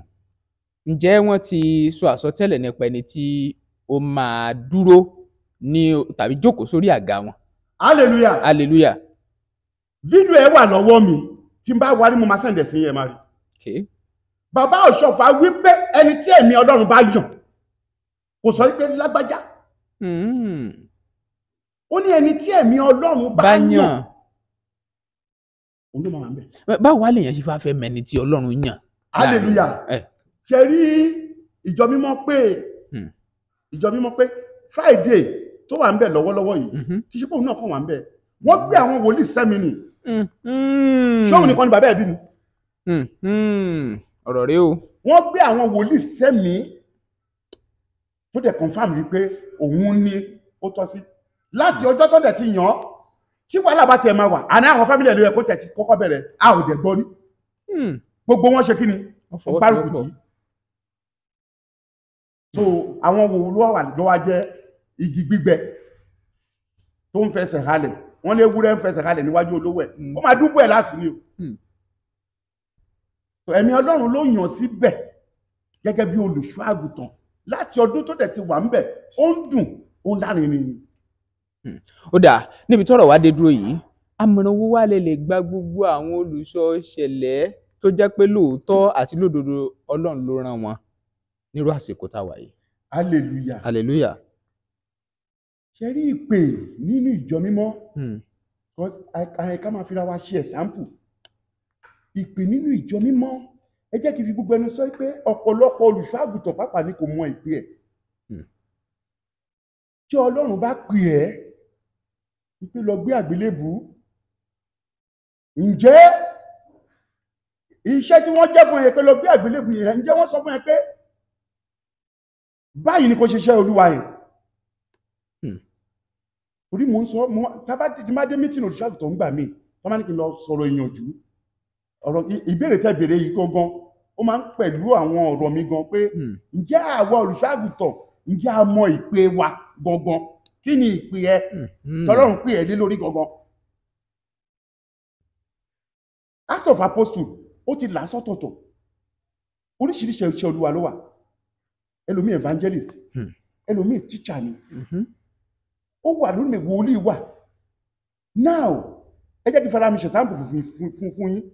ǹjẹ́ wọ́n ti sọ àsọtẹ́lẹ̀ nípa ẹni tí ó máa dúró ní tàbí jókòó sórí àga wọn. hallelujah hallelujah. fídíò ẹ wà lọ́wọ́ mi tí n bá wá ní mo máa sẹ̀ǹdẹ̀ sí ẹ máa rí. bàbá òṣòfà wí ẹni tí ẹ̀mí ọlọ́run bá yàn kò sọ pé lágbájá hmm. ó ní ẹni tí ẹ̀mí ọlọ́run bá yàn òun báwo wá lèèyàn ṣe fẹ́ fẹ́ mẹ́ni tí ọlọ́run yàn. hallelujah ṣe rí ìjọ mímọ́ pé hmm. ìjọ mímọ́ pé friday tó wà ń bẹ̀ lọ́wọ́lọ́wọ́ yìí hmm. kì í ṣe pé òun náà kàn wà ń bẹ̀ wọ́n gbé àwọn wòlíì sẹ́mìnì ṣé òun nìkan ni bàbá ẹ̀ bí ni. ọ̀rọ̀ rẹ o wọ́n gbé àwọn wòlíì sẹ́mìí tó dẹ̀ confam wípé òun ni ó tọ́ sí láti ọjọ́ tó dẹ̀ ti yàn án tí wàhálà bá tiẹ̀ máa wà àná àwọn fámìlì ẹ̀ ló yẹ kó tẹ̀ ti kọ́kọ́ bẹ̀rẹ̀ a ò dẹ̀ gbọ́ rí hmm. gbogbo wọn ṣe kí ni bárùkù tí so àwọn wo ló wà lọ́wọ́ jẹ́ igi gbígbẹ tó ń fẹsẹ̀ halẹ̀ wọ́n lé ewúrẹ́ ń fẹsẹ̀ halẹ̀ níwájú olówó ẹ̀ hmm. ó máa dúpọ̀ ẹ̀ lásìí o. Hmm ẹ̀mí ọlọ́run ló yàn síbẹ̀ gẹ́gẹ́ bí olùṣọ́ àgùntàn láti ọdún tó dẹ̀ ti wà ńbẹ̀ ó ń dùn ó ń lárinrin ni. Hmm. ó dà níbi tọ́rọ̀ wá dé dúró yìí amúnáwó wa lè lè gba gbogbo àwọn olùṣọ́ ṣẹlẹ̀ tó jẹ́ pé lóòótọ́ àti lódodo ọlọ́run ló rán wọn nírú àsìkò tá a wà yìí. hallelujah. hallelujah. ṣe rí ìpè nínú ìjọ mímọ́ àyíká hmm. máa fira wa ṣe example ìpè nínú ìjọ mímọ́ ẹ jẹ́ kí n fi gbogbo ẹnu sọ pé ọ̀pọ̀lọpọ̀ olùṣọ́ àgùntàn pàápàá ni kò mọ ìpè ẹ̀ hmm. tí ọlọ́run bá pè ẹ́ wípé lọ gbé àgbélébù ǹjẹ́ iṣẹ́ tí wọ́n jẹ́ fún ẹ pé lọ gbé àgbélébù yẹn ǹjẹ́ wọ́n sọ fún ẹ pé báyìí ni kò ṣe iṣẹ́ olúwa yẹn hmm. orí mo ń sọ tí má dé mítìnì olùṣọ́ àgùntàn ń gbà mí wọ́n má ní kí n lọ sọ̀rọ̀ ìyànjú ọ̀rọ̀ ìbéèrè tẹ́ yìí gangan ó máa ń pẹ̀lú àwọn ọ̀rọ̀ mi gan pé hmm. ǹjẹ́ àwa olùṣàgùtàn ǹjẹ́ a mọ ìpè wa gangan kí ni ìpè ẹ hmm. Hmm. tọ́lọ́run pè ẹ lé lórí gangan. act of apostle ó ti là sọ́tọ̀tọ̀ oríṣiríṣi iṣẹ́ olúwa ló wà ẹlòmíì evangelist ẹlòmíì teacher ni mm-hmm. ó wà lónìí wòlíì wà now ẹ jẹ́ kí fara mi fún fún fún yín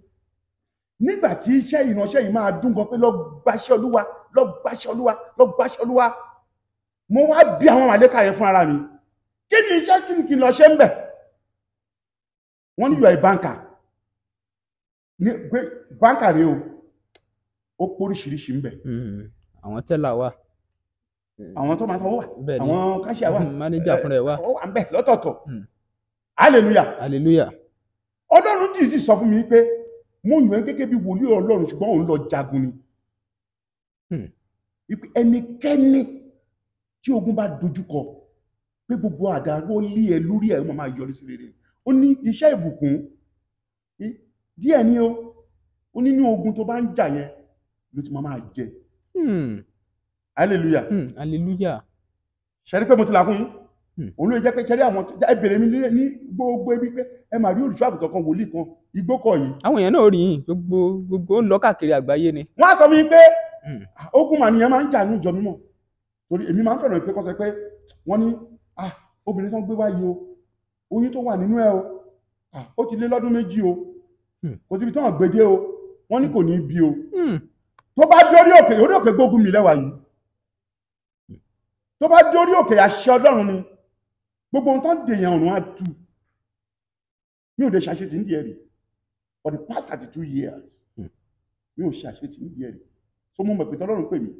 nígbà tí iṣẹ́ ìránṣẹ́ yìí máa dún gan pé lọ gbàṣẹ́ olúwa lọ gbàṣẹ́ olúwa lọ gbàṣẹ́ olúwa mo wá bí àwọn màlẹ́kà yẹn fún ara mi kí ni iṣẹ́ kí ni kí n lọ ṣe ń bẹ̀ wọ́n ní you are a ní pé banker rèé o ó póríṣiríṣi ń bẹ̀. Hmm. àwọn tẹ́lá wà àwọn tó máa sanwó wà àwọn káṣíà wà mánéjà hmm. fúnra ẹ wà ó wà ń bẹ̀ lọ́tọ̀ọ̀tọ̀ hmm. hallelujah hallelujah ọlọ́run jì sí sọ fún mi pé mo yàn ẹ́ gẹ́gẹ́ bí wòlíì ọlọ́run ṣùgbọ́n òun lọ jagun ni hmm. wípé ẹnikẹ́ni tí ogun bá dojúkọ pé gbogbo àdáró lé ẹ lórí ẹ máa yọrí sí rere ó ní iṣẹ́ ìbùkún díẹ̀ ni o ó nínú ogun tó bá ń jà yẹn ló ti máa máa jẹ hmm. hallelujah hmm, hallelujah ṣe rí pé mo ti là fún yín. Hmm. òun ló jẹ́ pé kẹ́lẹ́ àwọn ẹ bèrè mi ní gbogbo ibi pé ẹ máa rí olùṣọ́ àgùntàn kan wòlíì kan igbó kọ yìí. àwọn èèyàn náà rí yìn gbogbo gbogbo ń lọ káàkiri àgbáyé ni. wọ́n á sọ mi pé hmm. ogun màníyàn máa ń jà ní ìjọ mímọ́ torí èmi máa ń fẹ́ràn pé kọ́ sọ pé wọ́n ní obìnrin tó ń gbé wáyé o oyún tó wà nínú ẹ o ó ti lé lọ́dún méjì o hmm. kò síbi tó hàn gbèdé o wọ́n ní kò ní bí o tó bá dórí òkè orí òkè gbógun mi lẹ́wà yìí tó bá dórí òkè àṣẹ ọlọ́run ni gbogbo ohun tó ń dèèyàn ọ̀run á tu mi ò lè ṣàṣetì ní díẹ̀ for the past thirty two years hmm. mi ò ṣàṣetì ní díẹ̀ so mo mọ̀ pé tọ́lọ́run pè mí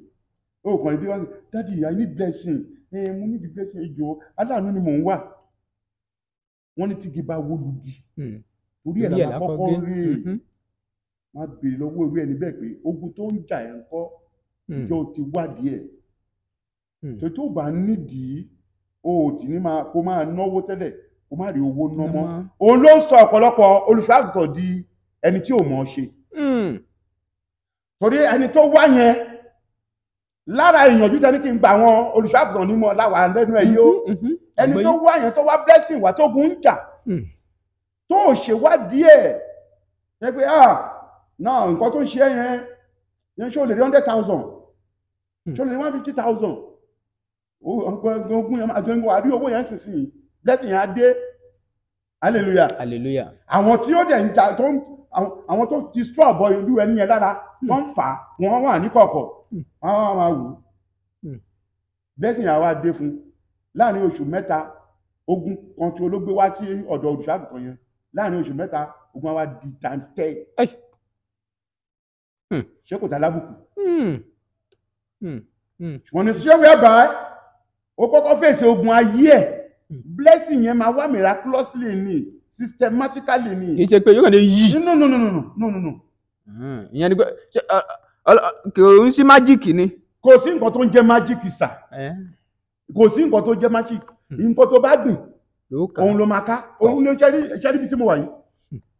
ó kàn ní bí wọ́n ní daddy i need blessing ẹ mo need blessing ẹ jọ̀ọ́ aláàánú ni mò ń wà wọ́n ní tígi bá wó lugi hmm. orí ẹ̀ làwọn kọ́kọ́ rí e máa béèrè lọ́wọ́ ìwé ẹni bẹ́ẹ̀ pé ogun tó ń jà ẹ̀ ń kọ́ ìjọ hmm. ti wádìí ẹ̀ tó tó bá nídìí o ò tì ní máa kó máa náwó tẹ́lẹ̀ kó má rí owó ná mọ́ òun ló ń sọ ọ̀pọ̀lọpọ̀ olùṣọ́ àgùntàn di ẹni tí ò mọ̀ ọ́ ṣe hmm. torí ẹni tó wá yẹn lára ìyànjú tẹ́ ní kí n gba àwọn olùṣọ́ àgùntàn nímọ̀ láwa lẹ́nu ẹ̀ mm-hmm, mm-hmm. ẹni tó wá yẹn tó wá blessing wá tó gun ń jà hmm. tó ò ṣèwádìí ẹ̀ ẹ pé ah náà nǹkan tó ń ṣe yẹn yẹn ṣó lè rí hundred thousand hmm. ṣó lè rí one fifty thousand ogún àjọyìnwó àrí owó yẹn sísìn blessing yẹn á dé hallelujah hallelujah àwọn tí ó dẹ̀ ń jà tó ń àwọn tó ti straw bọ ìlú ẹni yẹn lára hmm. wọ́n ń fà á wọ́n wà ní kọ̀kọ̀ hmm. wọ́n máa wù ú hmm. blessing yẹn á wá dé fún láàrin oṣù mẹ́ta ogun kan tí olóògbé wá sí ọ̀dọ̀ olùṣàgùtàn yẹn láàrin oṣù mẹ́ta ogun á wá di times ten ṣé kò tá lábùkù ṣùgbọ́n ní ṣé wíwá báyìí ó kọ́kọ́ fèsì ogun ayé ẹ̀ hmm. blessing yẹn máa wá miraculously ni systematically ni. kì í ṣe pé yóò kàn lè yí. no no no no no no no. Hmm. ìyẹn ni pé kò ń sí májíìkì ni. kò sí nǹkan tó ń jẹ́ májíìkì sà kò sí nǹkan tó jẹ́ májíìkì hmm. nǹkan tó bá gbìn òun ló máa ká òun ló ṣẹ́rí ibi tí mo wà yìí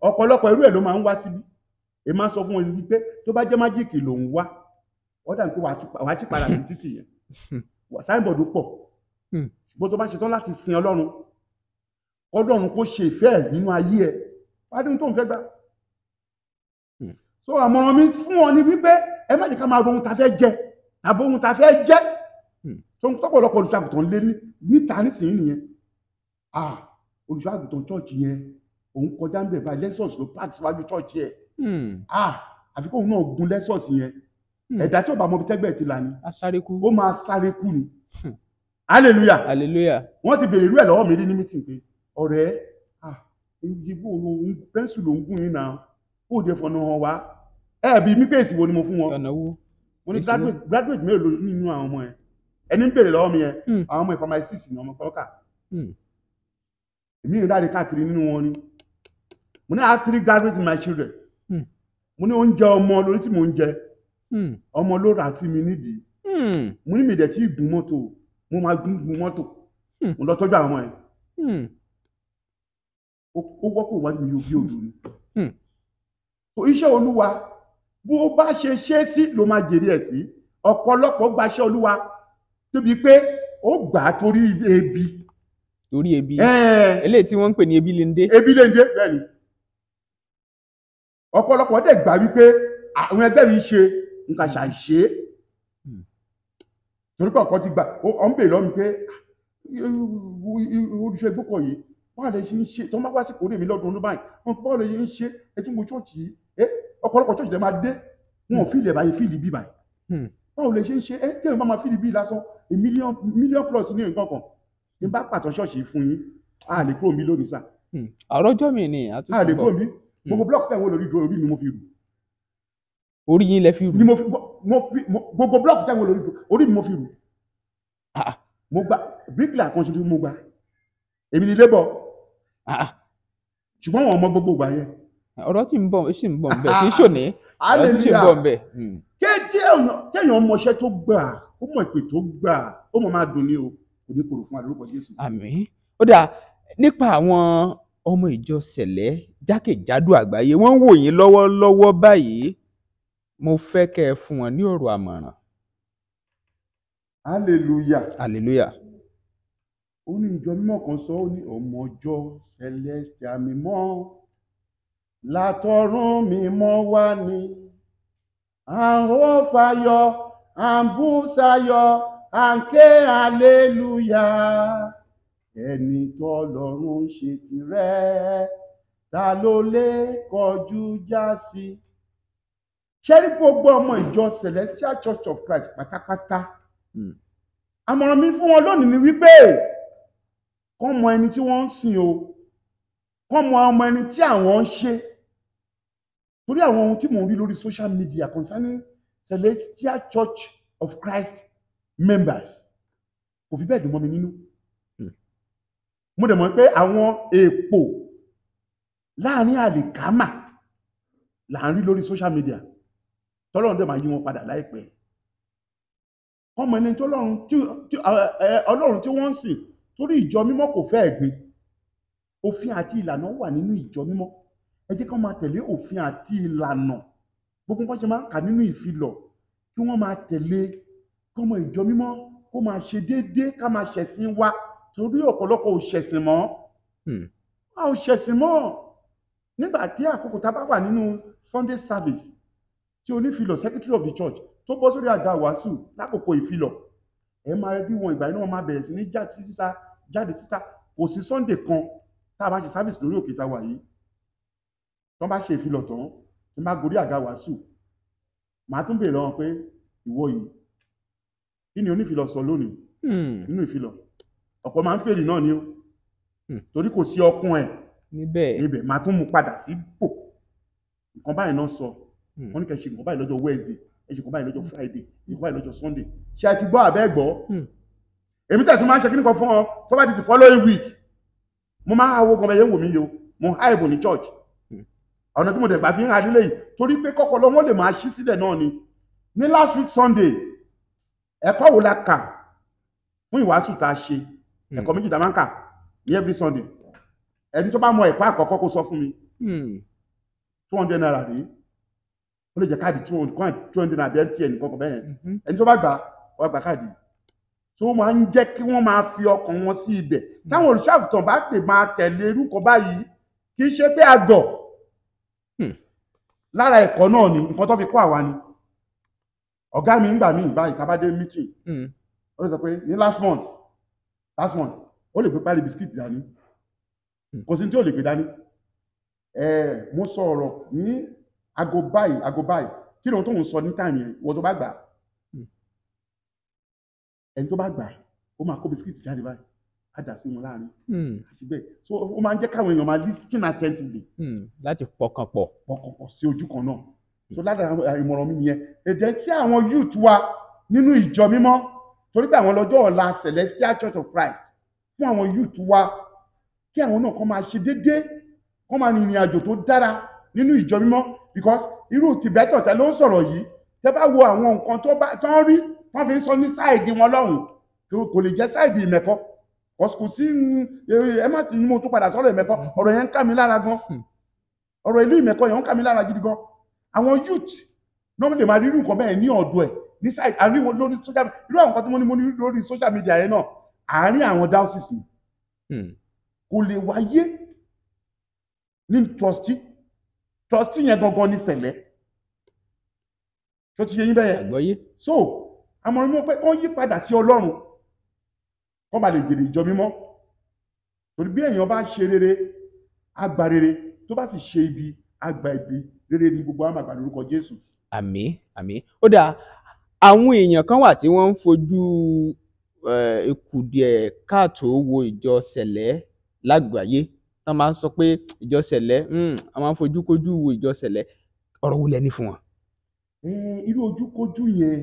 ọ̀pọ̀lọpọ̀ irú ẹ̀ ló máa ń wá síbi èmi máa sọ fún wọn wípé tó bá jẹ́ májíìkì lòun wá ọ̀dà nǹkan wàá sí padà sí títì yẹn signboard pọ̀ hmm. ṣùgbọ́n tó bá ṣetán láti sin ọlọ́run ọlọ́run kó ṣe ìfẹ́ ẹ̀ nínú ayé ẹ̀ wádìí tó ń fẹ́ gbà hmm. so àmọ̀ràn mi fún ọ ní wípé ẹ má jẹ́ ká máa ro ohun ta fẹ́ jẹ àbò ohun ta fẹ́ jẹ́ tó ń tọ́pọ̀lọpọ̀ olùṣọ́àgùtàn lé níta nísìnyí nìyẹn ah olùṣọ́àgùtàn chọ́ọ̀chì yẹn òun kọjá ń bẹ̀ báyìí lẹ́sọ̀ọ̀sì ló pàtì síwájú chọ́ọ̀chì yẹn ah hmm. àfikún òun náà gun lẹ́sọ̀ọ̀sì yẹn Hmm. ẹ̀dá tí ọba mọbi tẹ́gbẹ́ ti là ní. ó máa sáré kú ni. Hmm. hallelujah. wọ́n ti béèrè irú ẹ̀ lọ́wọ́ mi rí ní mítìn pé ọ̀rẹ́ ìdìbò pẹ́ńsù ló ń gún yín náà ó dé fọ̀nà hàn wá ẹ bí mi pèsè wo ni mo fún wọn. ọ̀nà mo ní graduate graduate mélòó nínú àwọn ọmọ yẹn ẹni ń béèrè lọ́wọ́ mi yẹn hmm. àwọn ọmọ primary six ni ọmọ kọ́kà èmi ń ráre káàkiri nínú wọn ni mo ní i have three graduates in my children mo ní oúnjẹ ọmọ lórí tí mo ń jẹ Hmm. ọmọ ló ra tí mi nídìí hmm. mo ní mi dẹ̀ tí ì gun mọ́tò mo máa gun gun mọ́tò hmm. mo lọ tọ́jú àwọn ọmọ yẹn ó wọ́pọ̀ wájú mi bí odò ni so iṣẹ́ olúwa bó bá ṣe ṣe sí ló máa jèrè ẹ̀ sí ọ̀pọ̀lọpọ̀ gbaṣẹ́ olúwa tóbi pé ó gbà á torí ebi torí ebi eléyìí tí wọ́n ń pè ní ebi lende ebi lende bẹ́ẹ̀ ni ọ̀pọ̀lọpọ̀ dẹ̀ gbà wípé àwọn ẹgbẹ́ mi ṣe n kà hmm. ṣàìṣe hmm. torí pé ọkọ ti gbà ọ ń bè lọ́mi pé ah, olùṣọ́ ìgbókọ̀ yìí wọ́n àlẹ́ ṣe ń ṣe tó máa wá sí kórè mi lọ́dún ọdún báyìí wọ́n bọ́ lè ṣe ń ṣe ẹtún mo ṣọ́ọ̀ṣì yìí ẹ ọ̀pọ̀lọpọ̀ ṣọ́ọ̀ṣì lè máa dé wọn ò fìlẹ̀ báyìí fìlì bí báyìí hmm. báwo lè ṣe ń ṣe ẹ tẹ́lẹ̀ máa fìlì bí lásán a million million plus ní nǹkan kan ní bá pàtó ṣọ́ọ̀ṣì fún yín a lè kúrò mi lónìí sá. àròjọ mi ni àtúntò àlè kúrò mi gbogbo blọọkì tẹ̀ wọ́n lórí dùn orí yín lẹ fi rù. ni mo fi mo fi gbogbo blọọkì tẹ́wọ̀n lórí orí mi mo fi rù. Ah, ah. mo gba bíríkìlà kan ṣoṣo mo gba èmi ni labour ah, ṣùgbọ́n wọn mọ gbogbo ìgbà yẹn. ọ̀rọ̀ tí ń bọ̀ ṣì ń bọ̀ ń bẹ̀ kì í ṣòní ọ̀rọ̀ tí ṣì ń bọ̀ ń bẹ̀. Hmm. kéèyàn mọṣẹ́ tó gbà ó mọ ìpè tó gbà ó mọ máa dùn ní o kò ní kòrò fún àdúrókọ Jésù. àmín ó dà nípa àwọn ọmọ ìjọ sẹ̀lẹ́ jákèjádò àgbáyé wọ́n ń wò yín lọ́wọ́lọ́wọ́ báyìí mo fẹ́ kẹ́ ẹ fún wọn ní ọ̀rọ̀ àmọ̀ràn. hallelujah. hallelujah. ó ní ìjọ mímọ́ kan sọ ó ní ọmọjọ́ celestial mímọ́ látọ̀run mímọ́ wá ni à ń hó fayọ̀ à ń bú sayọ̀ à hallelujah ẹni tọ́lọ́run ṣe tirẹ̀ ta ló lè kọjú já sí i ṣe rí gbogbo ọmọ ìjọ Celestial Church of Christ pátápátá hmm. àmọ̀ràn mi fún wọn lónìí ni wípé kọ́ mọ ẹni tí wọ́n ń sìn o kọ́ mọ ọmọ ẹni tí àwọn ń ṣe torí àwọn ohun tí mò ń rí lórí social media concerning Celestial Church of Christ members kò fi bẹ́ẹ̀ dùn mọ́ mi nínú hmm. mo dẹ̀ mọ̀ pé àwọn èèpo láàrin àlìkámà là ń rí lórí social media tọ́lọ́run dẹ̀ máa yí wọn padà láìpẹ́ wọ́n mọ ẹni tọ́lọ́run tí ọlọ́run tí wọ́n ń sìn torí ìjọ mímọ́ kò fẹ́ gbé òfin àti ìlànà wà nínú ìjọ mímọ́ ẹ jẹ́ ká máa tẹ̀lé òfin àti ìlànà gbogbo bọ́n ṣe máa ń kà nínú ìfilọ̀ kí wọ́n máa tẹ̀lé kọ́mọ ìjọ mímọ́ kó máa ṣe déédéé ká máa ṣẹ̀sìn wa torí ọ̀pọ̀lọpọ̀ ò ṣẹ̀sìn mọ́ hmm. a ò ṣẹ̀sìn mọ́ nígbà tí àkókò tá a bá wà nínú Sunday service tí onífilọ̀ secretary of the church tó bọ́ sórí àga wàásù lákòókò ìfilọ̀ ẹ máa rí wọn ìgbà inú wọn máa bẹ̀rẹ̀ sí ní jáde síta kò sí sunday kan tá a bá ṣe service lórí òkè tá a wà yìí tó bá ṣe ìfilọ̀ tán tó bá gorí àga wàásù màá tún béèrè lọ́wọ́ pé ìwọ yìí kí ni onífilọ̀ sọ lónìí hmm. nínú ìfilọ̀ ọ̀pọ̀ máa ń fèrè náà ni o hmm. torí kò sí ọkùn ẹ̀ níbẹ̀ màá tún mú padà sípò nǹkan báyìí náà sọ Hmm. wọ́n ní kẹ́ ṣe nǹkan báyìí lọ́jọ́ wednesday ẹ ṣe nǹkan báyìí lọ́jọ́ hmm. friday ẹ ṣe nǹkan báyìí lọ́jọ́ sunday ṣe àti gbọ́ àbẹ́ gbọ́ hmm. èmi tẹ̀ tún máa ń ṣe kí nìkan fún ọ tó bá di the following week mo máa ń hawo gan ẹyẹ wò mí yo mo ń háìbò ní church ọ̀nà tí mo dẹ̀ gbà fi ń halí lẹ́yìn torí pé kọ́kọ́ lọ́wọ́ lè máa ṣí sílẹ̀ náà ni ní last week sunday ẹ̀kọ́ wo la kà fún ìwàásù tá a ṣe ẹ̀kọ́ méjì tá a máa ń kà ní every sunday ẹni tó bá mọ ẹ̀kọ́ àkọ́kọ́ kó sọ fún mi two hundred naira rèé ó lè jẹ́ káàdì two hundred naira bíi mtn kankan bẹ́ẹ̀ mhm. ẹni tó bá gbà wọ́n gba káàdì tó máa ń jẹ́ kí wọ́n máa fi ọkàn wọn sí ibẹ̀ táwọn mhm. olùṣọ́ bá pè máa tẹ̀lé irúkọ báyìí kì í ṣe pé àgọ̀ hmm. lára ẹ̀kọ́ náà ni nǹkan tó fi kọ́ àwa ni ọ̀gá mi ń gbà mí báyìí tá a bá dé meeting hmm. ó lè sọ pé ní last month last month ó lè gbé pálí bisikíìtì dání hmm. kò sí ní tí ò lè gbé dání mo sọ ọ̀rọ̀ ní aago báyìí aago báyìí kí lóun tóun sọ ní táìmù yẹn wọ́n tó bá gbà hmm. ẹni tó bá gbà ó máa kó bisikíìtì jáde báyìí á dà sí wọn láàrin àti hmm. bẹ́ẹ̀ so ó máa ń jẹ́ káwọn èèyàn máa listen attentively. Hmm. láti pọkàn pọ̀. pọkàn pọ̀ sí ojú kan náà so ládàá ìmọ̀ràn mi nìyẹn èdè tí àwọn youth wa nínú ìjọ mímọ́ torí pé àwọn lọ́jọ́ ọ̀la Celestial Church of Christ fún àwọn youth wa kí àwọn náà kọ́ máa ṣe déédéé kọ́ máa rìnrìn àjò tó dára nínú ìjọ mímọ́ because irú tìbẹ́tọ̀ tẹ ló ń sọ̀rọ̀ yìí tẹ bá wo àwọn nǹkan tó bá tó ń rí tó fi ń sọ ní sáìdì wọn lọ́hùn kò lè jẹ́ sáìdì ìmẹ̀kọ́ kò sí ẹ má ti ní mo tún padà sọ̀rọ̀ ìmẹ̀kọ́ hmm. ọ̀rọ̀ yẹn ń kà mí lára gan hmm. ọ̀rọ̀ ìlú ìmẹ̀kọ́ yẹn ń kà mí lára gidi gan àwọn youth náà lè máa rí irú nǹkan bẹ́ẹ̀ ní ọ̀dọ̀ ẹ̀ ní sáìdì àárín wọn lórí social media irú àwọn nǹkan tí mo ní mo ní lórí social media yẹn náà àárín àwọn diocese ni hmm. kò lè wáyé ní trustee trustee yẹn gangan ní sẹ̀lẹ̀ tó ti yẹ yín bẹ́yẹn àgbọ́yé so àmọ̀ràn mi pé kán yí padà sí ọlọ́run kán bá lè jèrè ìjọ mímọ́ torí bí èèyàn bá ṣe rere á gba rere tó bá sì ṣe ibi á gba ibi rere ni gbogbo àwọn àgbà lórúkọ Jésù. àmín àmín ó dáa àwọn èèyàn kan wà tí wọ́n ń fojú ikùdíẹ̀ káàtó wo ìjọ sẹ̀lẹ̀ lágbàáyé wọ́n máa ń sọ pé ìjọsẹ̀lẹ̀ hmm, a máa ń fojúkojú wo ìjọsẹ̀lẹ̀ ọ̀rọ̀ wo lẹ́ni fún wọn. irú ojúkojú yẹn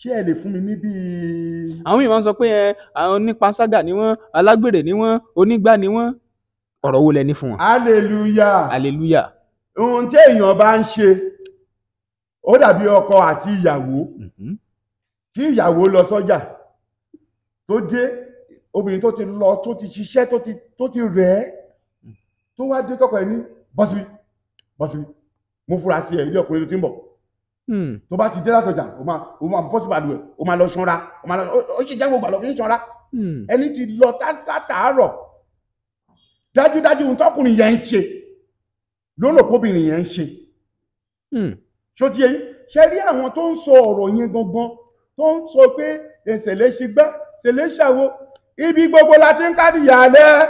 ṣé ẹ lè fún mi ní àwọn yìí máa ń sọ pé àwọn onípanṣágà ni wọ́n alágbèrè ni wọ́n onígbà ni wọ́n ọ̀rọ̀ wo lẹ́ni fún wọn. hallelujah. hallelujah. ohun tí èèyàn bá ń ṣe ó dàbí ọkọ àti ìyàwó mm-hmm. tí ìyàwó lọ sọ́jà tó dé obìnrin tó ti lọ tó ti ṣiṣẹ́ tó ti rẹ̀ ẹ́ tó wá dé tọkọ ẹ ní bọ́sibí bọ́sibí mo fura sí ẹ ilé ọkùnrin ló ti ń bọ̀ hmm. tó bá ti dé látọjà o máa o máa bọ́sibí àdúgbò o máa lọ sanra o máa lọ ó ṣe jágbó gbàlọ́ fi ń sanra hmm. ẹni tí lọ látàárọ̀ dájúdájú ohun tọkùnrin yẹn ń ṣe ló lò kóbìnrin yẹn ń ṣe hmm. ṣó ti yẹ yín ṣe rí àwọn tó ń sọ ọ̀rọ̀ yẹn gangan tó ń sọ pé ẹsẹ̀ lè ṣe gbá ṣe lè ṣàwo ibi gbogbo la ti ń kádìyà lẹ́ẹ̀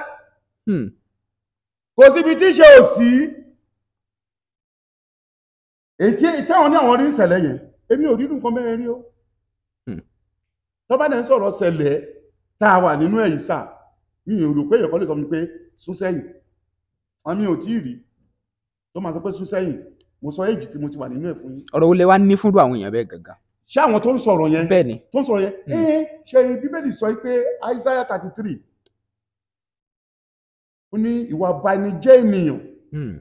kò síbi tí ṣe ò sí ètí táwọn ní àwọn rí ìṣẹ̀lẹ̀ yẹn èmi ò rí nǹkan bẹ́ẹ̀ rí o hmm. tọ́ba náà ń sọ̀rọ̀ ṣẹlẹ̀ tá a wà nínú ẹ̀yìn sà mi ò rò pé ìyọ̀kọ́ lè sọ mi pé sún sẹ́yìn wọn mi ò tí ì rí tó máa sọ pé sún sẹ́yìn mo sọ èjì tí mo ti wà nínú ẹ̀ fún yín. ọ̀rọ̀ wo lè wá ní fúnrú àwọn èèyàn bẹ́ẹ̀ gangan. ṣé àwọn tó ń sọ̀rọ̀ yẹn tó ń sọ̀rọ̀ yẹn hmm. eh, ṣe bíbélì sọ pé Isaiah thirty three ó ní ìwà ìbànújẹ́ ènìyàn hmm.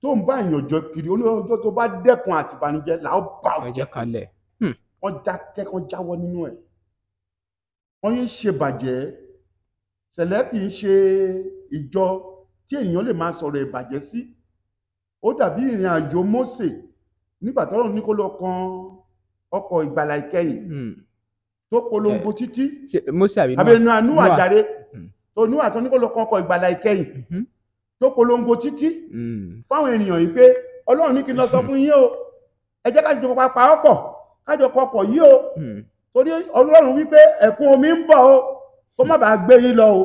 tó ń bá èèyàn jọ kiri olóòjọ tó bá dẹ́kun àti ìbànújẹ́ là ó bá òjẹ kalẹ̀ hmm. wọ́n dákẹ́ kan jáwọ́ nínú ẹ̀ wọ́n yéé ṣe bàjẹ́ sẹ̀lẹ̀ kì í ṣe ìjọ tí èèyàn lè máa sọ̀rọ̀ ìbàjẹ́ sí ó dàbí ìrìn àjò Mósè nígbà tọ́lọ́run ní kó lọ kan ọkọ̀ ìgbàlà ìkẹyìn hmm. tó polongo títí abẹnú àánú àjàre tó níwà tó ní kó lọ kọ́kọ́ ìgbàlà ìkẹyìn mhm. tó polongo títí mm. fáwọn ènìyàn yìí pé ọlọ́run ní kí n lọ sọ fún yín o ẹ jẹ́ kájọ kọ́kọ́ pa ọ̀pọ̀ kájọ kọ́kọ́ yìí o mm. torí ọlọ́run wípé ẹ̀kún omi ń bọ̀ o kó má bàa gbé yín lọ o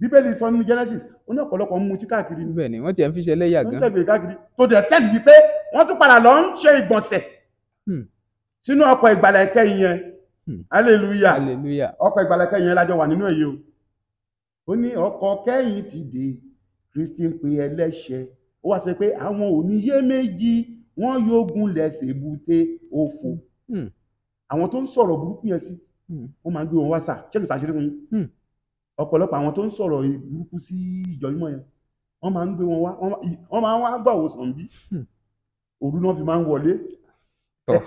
bíbélì sọ nínú Genesis ó ní ọ̀pọ̀lọpọ̀ ń mutí káàkiri. bẹ́ẹ̀ ni wọ́n ti ẹ̀ ń fi ṣe lẹ́yà gan. wọ́n ti ẹ̀ gbé káàkiri to the extent wípé wọ́n tún padà lọ ń ṣe ìgbọ̀nsẹ̀ hmm. sínú ọkọ̀ ìgbàlà ẹ̀kẹ́ yẹn hmm. hallelujah ọkọ̀ ìgbàlà ẹ̀kẹ́ yẹn lájọ wà nínú èyí o ó ní ọkọ kẹ́yìn ti dé kristi ń pe ẹlẹ́ṣẹ̀ ó wá sọ pé àwọn oníyè méjì wọ́n yógun lẹ́sẹ̀ èbúté òfò hmm. Hmm. àwọn tó ń sọ̀rọ̀ burúkú yẹn sí hmm. wọ́n máa ń gbé wọn wá sà ṣẹ́kì sàṣírí fún yín ọ̀pọ̀lọpọ̀ àwọn tó ń sọ̀rọ̀ burúkú sí ìjọ mímọ́ yẹn wọ́n máa ń gbé wọn wá wọ́n máa ń wá gbà wòsàn bí òru náà fi máa ń wọlé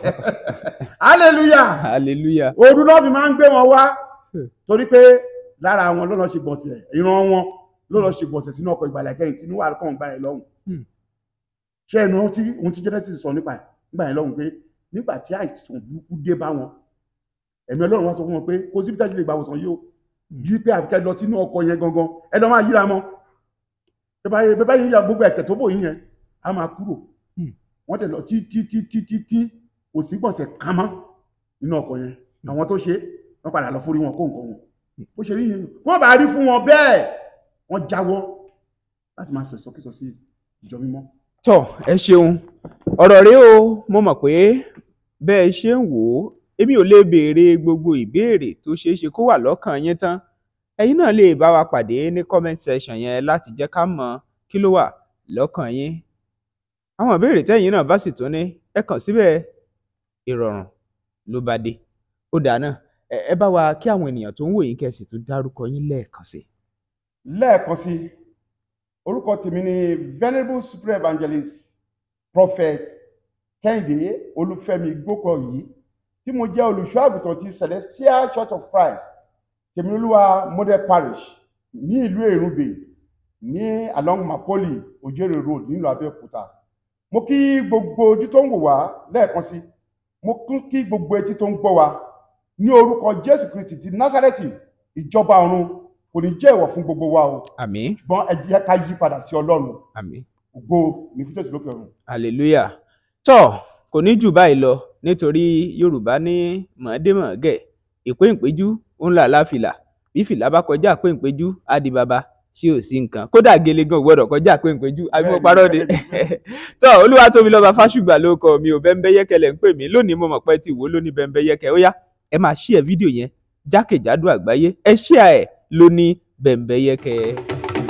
hallelujah hallelujah òru náà fi máa ń gbé wọn wá torí pé lára wọn ló lọ ṣe gbọ̀nsẹ̀ ìran wọn ló lọ ṣe gbọ̀nsẹ̀ sínú ọkọ̀ ìgbàlà kẹyìn tí níwà kàn gbà yẹn lọ́hùn hmm. ṣé ẹnu tí ohun tí Genesis sọ nípa nígbà yẹn lọ́hùn pé nígbà tí àìsàn burúkú dé bá wọn ẹ̀mí Ọlọ́run wá sọ fún wọn pé kò síbi tájú lè gbà wòsàn yìí o hmm. yìí pé àfikẹ́ lọ sínú ọkọ̀ yẹn gangan ẹ lọ máa yíra mọ́ bẹ́ẹ̀ báyìí ya gbogbo ẹ̀tẹ̀ tó bò yín yẹn a máa kúrò hmm. wọ́n tẹ̀ lọ tí tí tí tí tí tí kò sí gbọ̀nsẹ̀ kámọ́ nínú ọkọ̀ yẹn àwọn tó ṣe wọ́n padà lọ fórí wọn kó nǹkan wọn bó ṣe rí yìí wọ́n bá rí fún wọn bẹ́ẹ̀ wọ́n jáwọ́ láti máa sọ ìsọkísọ sí ìjọ mímọ́. tọ ẹ ṣeun ọ̀rọ̀ rèé o mo mọ̀ pé bẹ́ẹ̀ ṣe ń wò ó èmi ò lè béèrè gbogbo ìbéèrè tó ṣeé ṣe kó wà lọ́kàn yín tán ẹ̀yin náà lè bá wa pàdé ní comment section yẹn láti jẹ́ ká mọ̀ kí ló wà lọ́kàn yín àwọn ìbéèrè tẹ́yin náà bá sì tún ní ẹ kàn síbẹ̀ ìrọ̀rùn ló bá dé ó dáa náà ẹ bá wa kí àwọn ènìyàn tó ń wò yín kẹsì tó dárúkọ yín lẹ́ẹ̀kan sí. lẹ́ẹ̀kan sí orúkọ tèmi ni venerable super evangelist prophet kẹ́hìndé olúfẹ́mi gbókọ̀yí tí mo jẹ́ olùṣọ́ àgùntàn ti celestial church of christ tèmíolúwa model parish ní ìlú èrúbè ní along mapoli ojere road nílùú abẹ́òkúta mo kí gbogbo ojú tó ń wò wá lẹ́ẹ̀kan sí mo kí gbogbo etí tó ń gbọ́ wa ní orúkọ jésù kristi ti násàrẹ́tì ìjọba ọ̀run kò ní jẹ́ ìwọ̀ fún gbogbo wa o. àmín. ṣùgbọ́n ẹ jẹ́ ká yí padà sí ọlọ́run. àmín. ògo ní fún jésù lókè ọ̀run. hallelujah tọ kò ní jù báyìí lọ nítorí yorùbá ní mọ̀ọ́dẹ́mọ̀ọ́gẹ̀ ìpín ìpéjú ńlá aláfìlà bí fìlà bá kọjá ìpín ìpéjú á di baba tí ò sí nǹkan kódà gele gan gbọ́dọ̀ kọjá pé nǹkan ojú agbó parọ́ ni tọ olúwa tóbi lọba fásùgbà ló kọ mi ò bẹ́ńbẹ́yẹ́kẹ́ lẹ̀ ń pè mí lónìí mo mọ̀ pé ti wò lónìí bẹ́ńbẹ́yẹ́kẹ́ ó yá ẹ máa share fídíò yẹn jákèjádò àgbáyé ẹ share ẹ̀ lóní bẹ̀ǹbẹ̀yẹkẹ.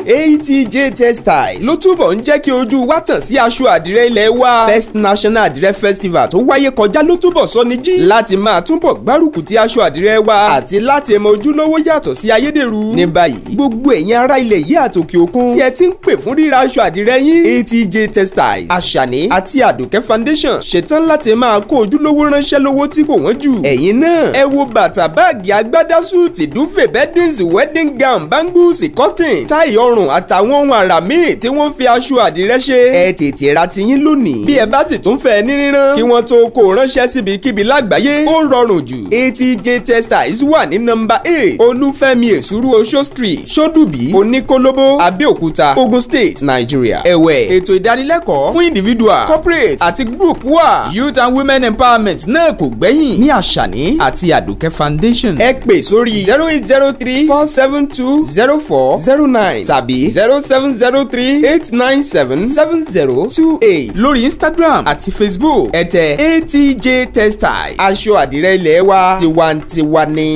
ATJ Textiles ló túbọ̀ ń jẹ́ kí ojú wa tàn sí aṣọ àdìrẹ ilẹ̀ wa First National Àdìrẹ Festival tó wáyé kọjá ló túbọ̀ sọ ní jí láti máa túbọ̀ gbárùkù ti aṣọ àdìrẹ wa àti láti mọ ojúlówó yàtọ̀ sí ayédèrú ní báyìí gbogbo ẹ̀yin ará ilẹ̀ yìí àti òkè òkun tí ẹ ti ń pè fún ríra aṣọ àdìrẹ yín ATJ Textiles Àṣàní àti Àdùkẹ́ Foundation ṣetán láti máa kó ojúlówó ránṣẹ́ lówó tí kò wọ́n jù ẹ̀yin náà ẹ wo bàtà báàgì agbádá súùtì dúfèé bẹ́díǹsì wedding gown bangles cotton táì ọrùn ọrùn àtàwọn ohun àrà míì tí wọ́n fi aṣọ àdìrẹ́ ṣe ẹ tètè ra tiyín lónìí bí ẹ bá sì tún fẹ́ ní rírán kí wọ́n tó kó ránṣẹ́ síbikíbi lágbàáyé ó rọrùn jù ATJ Textiles wà ní nọ́mbà eight olúfẹ́mi èsúrú oṣó street ṣódùbí oníkólóbó abẹ́òkúta ogun state nigeria ẹ̀wẹ̀ ètò ìdánilẹ́kọ̀ọ́ fún individual corporate àti group wà youth and women empowerment náà kò gbẹ́yìn ní àṣàní àti àdùkẹ́ foundation ẹ pè sórí zero eight zero three four seven two zero four zero nine tàbí tàbí zero seven zero three eight nine seven seven zero two eight lórí Instagram àti Facebook ẹ̀tẹ̀ ATJ Textiles aṣọ àdìrẹ́ ilé wa tiwantiwa ni.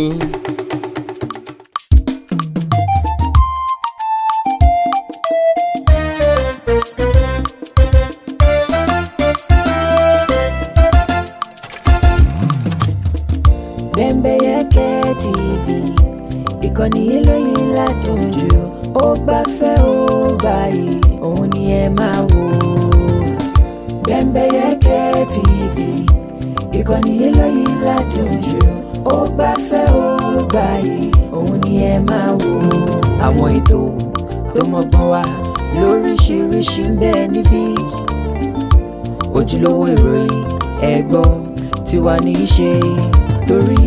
dùnjú ó bá fẹ́ ó gbà yìí òun ni ẹ máa wò ó. àwọn ètò tó mọ́gbọ́n wá lóríṣiríṣi ń bẹ níbí ojúlówó ìròyìn ẹ̀gbọ́n tí wà ní í ṣe torí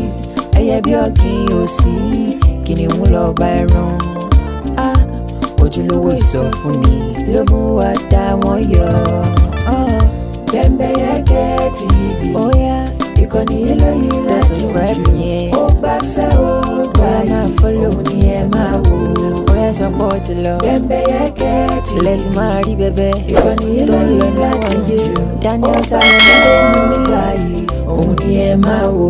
ẹyẹ bí ọ̀gìn òsì kìnìún lọ bá ẹran ojúlówó ìsọfúnni ló mú wa dá wọn yọ. Bembeyeke TV. Oya. Oh, yeah ìkànnì eléyìí lẹ́sìn jù ó bá fẹ́ ó gbà yìí òun ni ẹ máa wò bóyá sọ pé ó ti lọ bẹ́ẹ̀ yẹ kẹ́ẹ̀tì ilẹ̀ ti máa rí bẹ́bẹ́ ìkànnì eléyìí lẹ́sìn jù Daniel Salmon ló mú mi láàyè òun ni ẹ máa wò.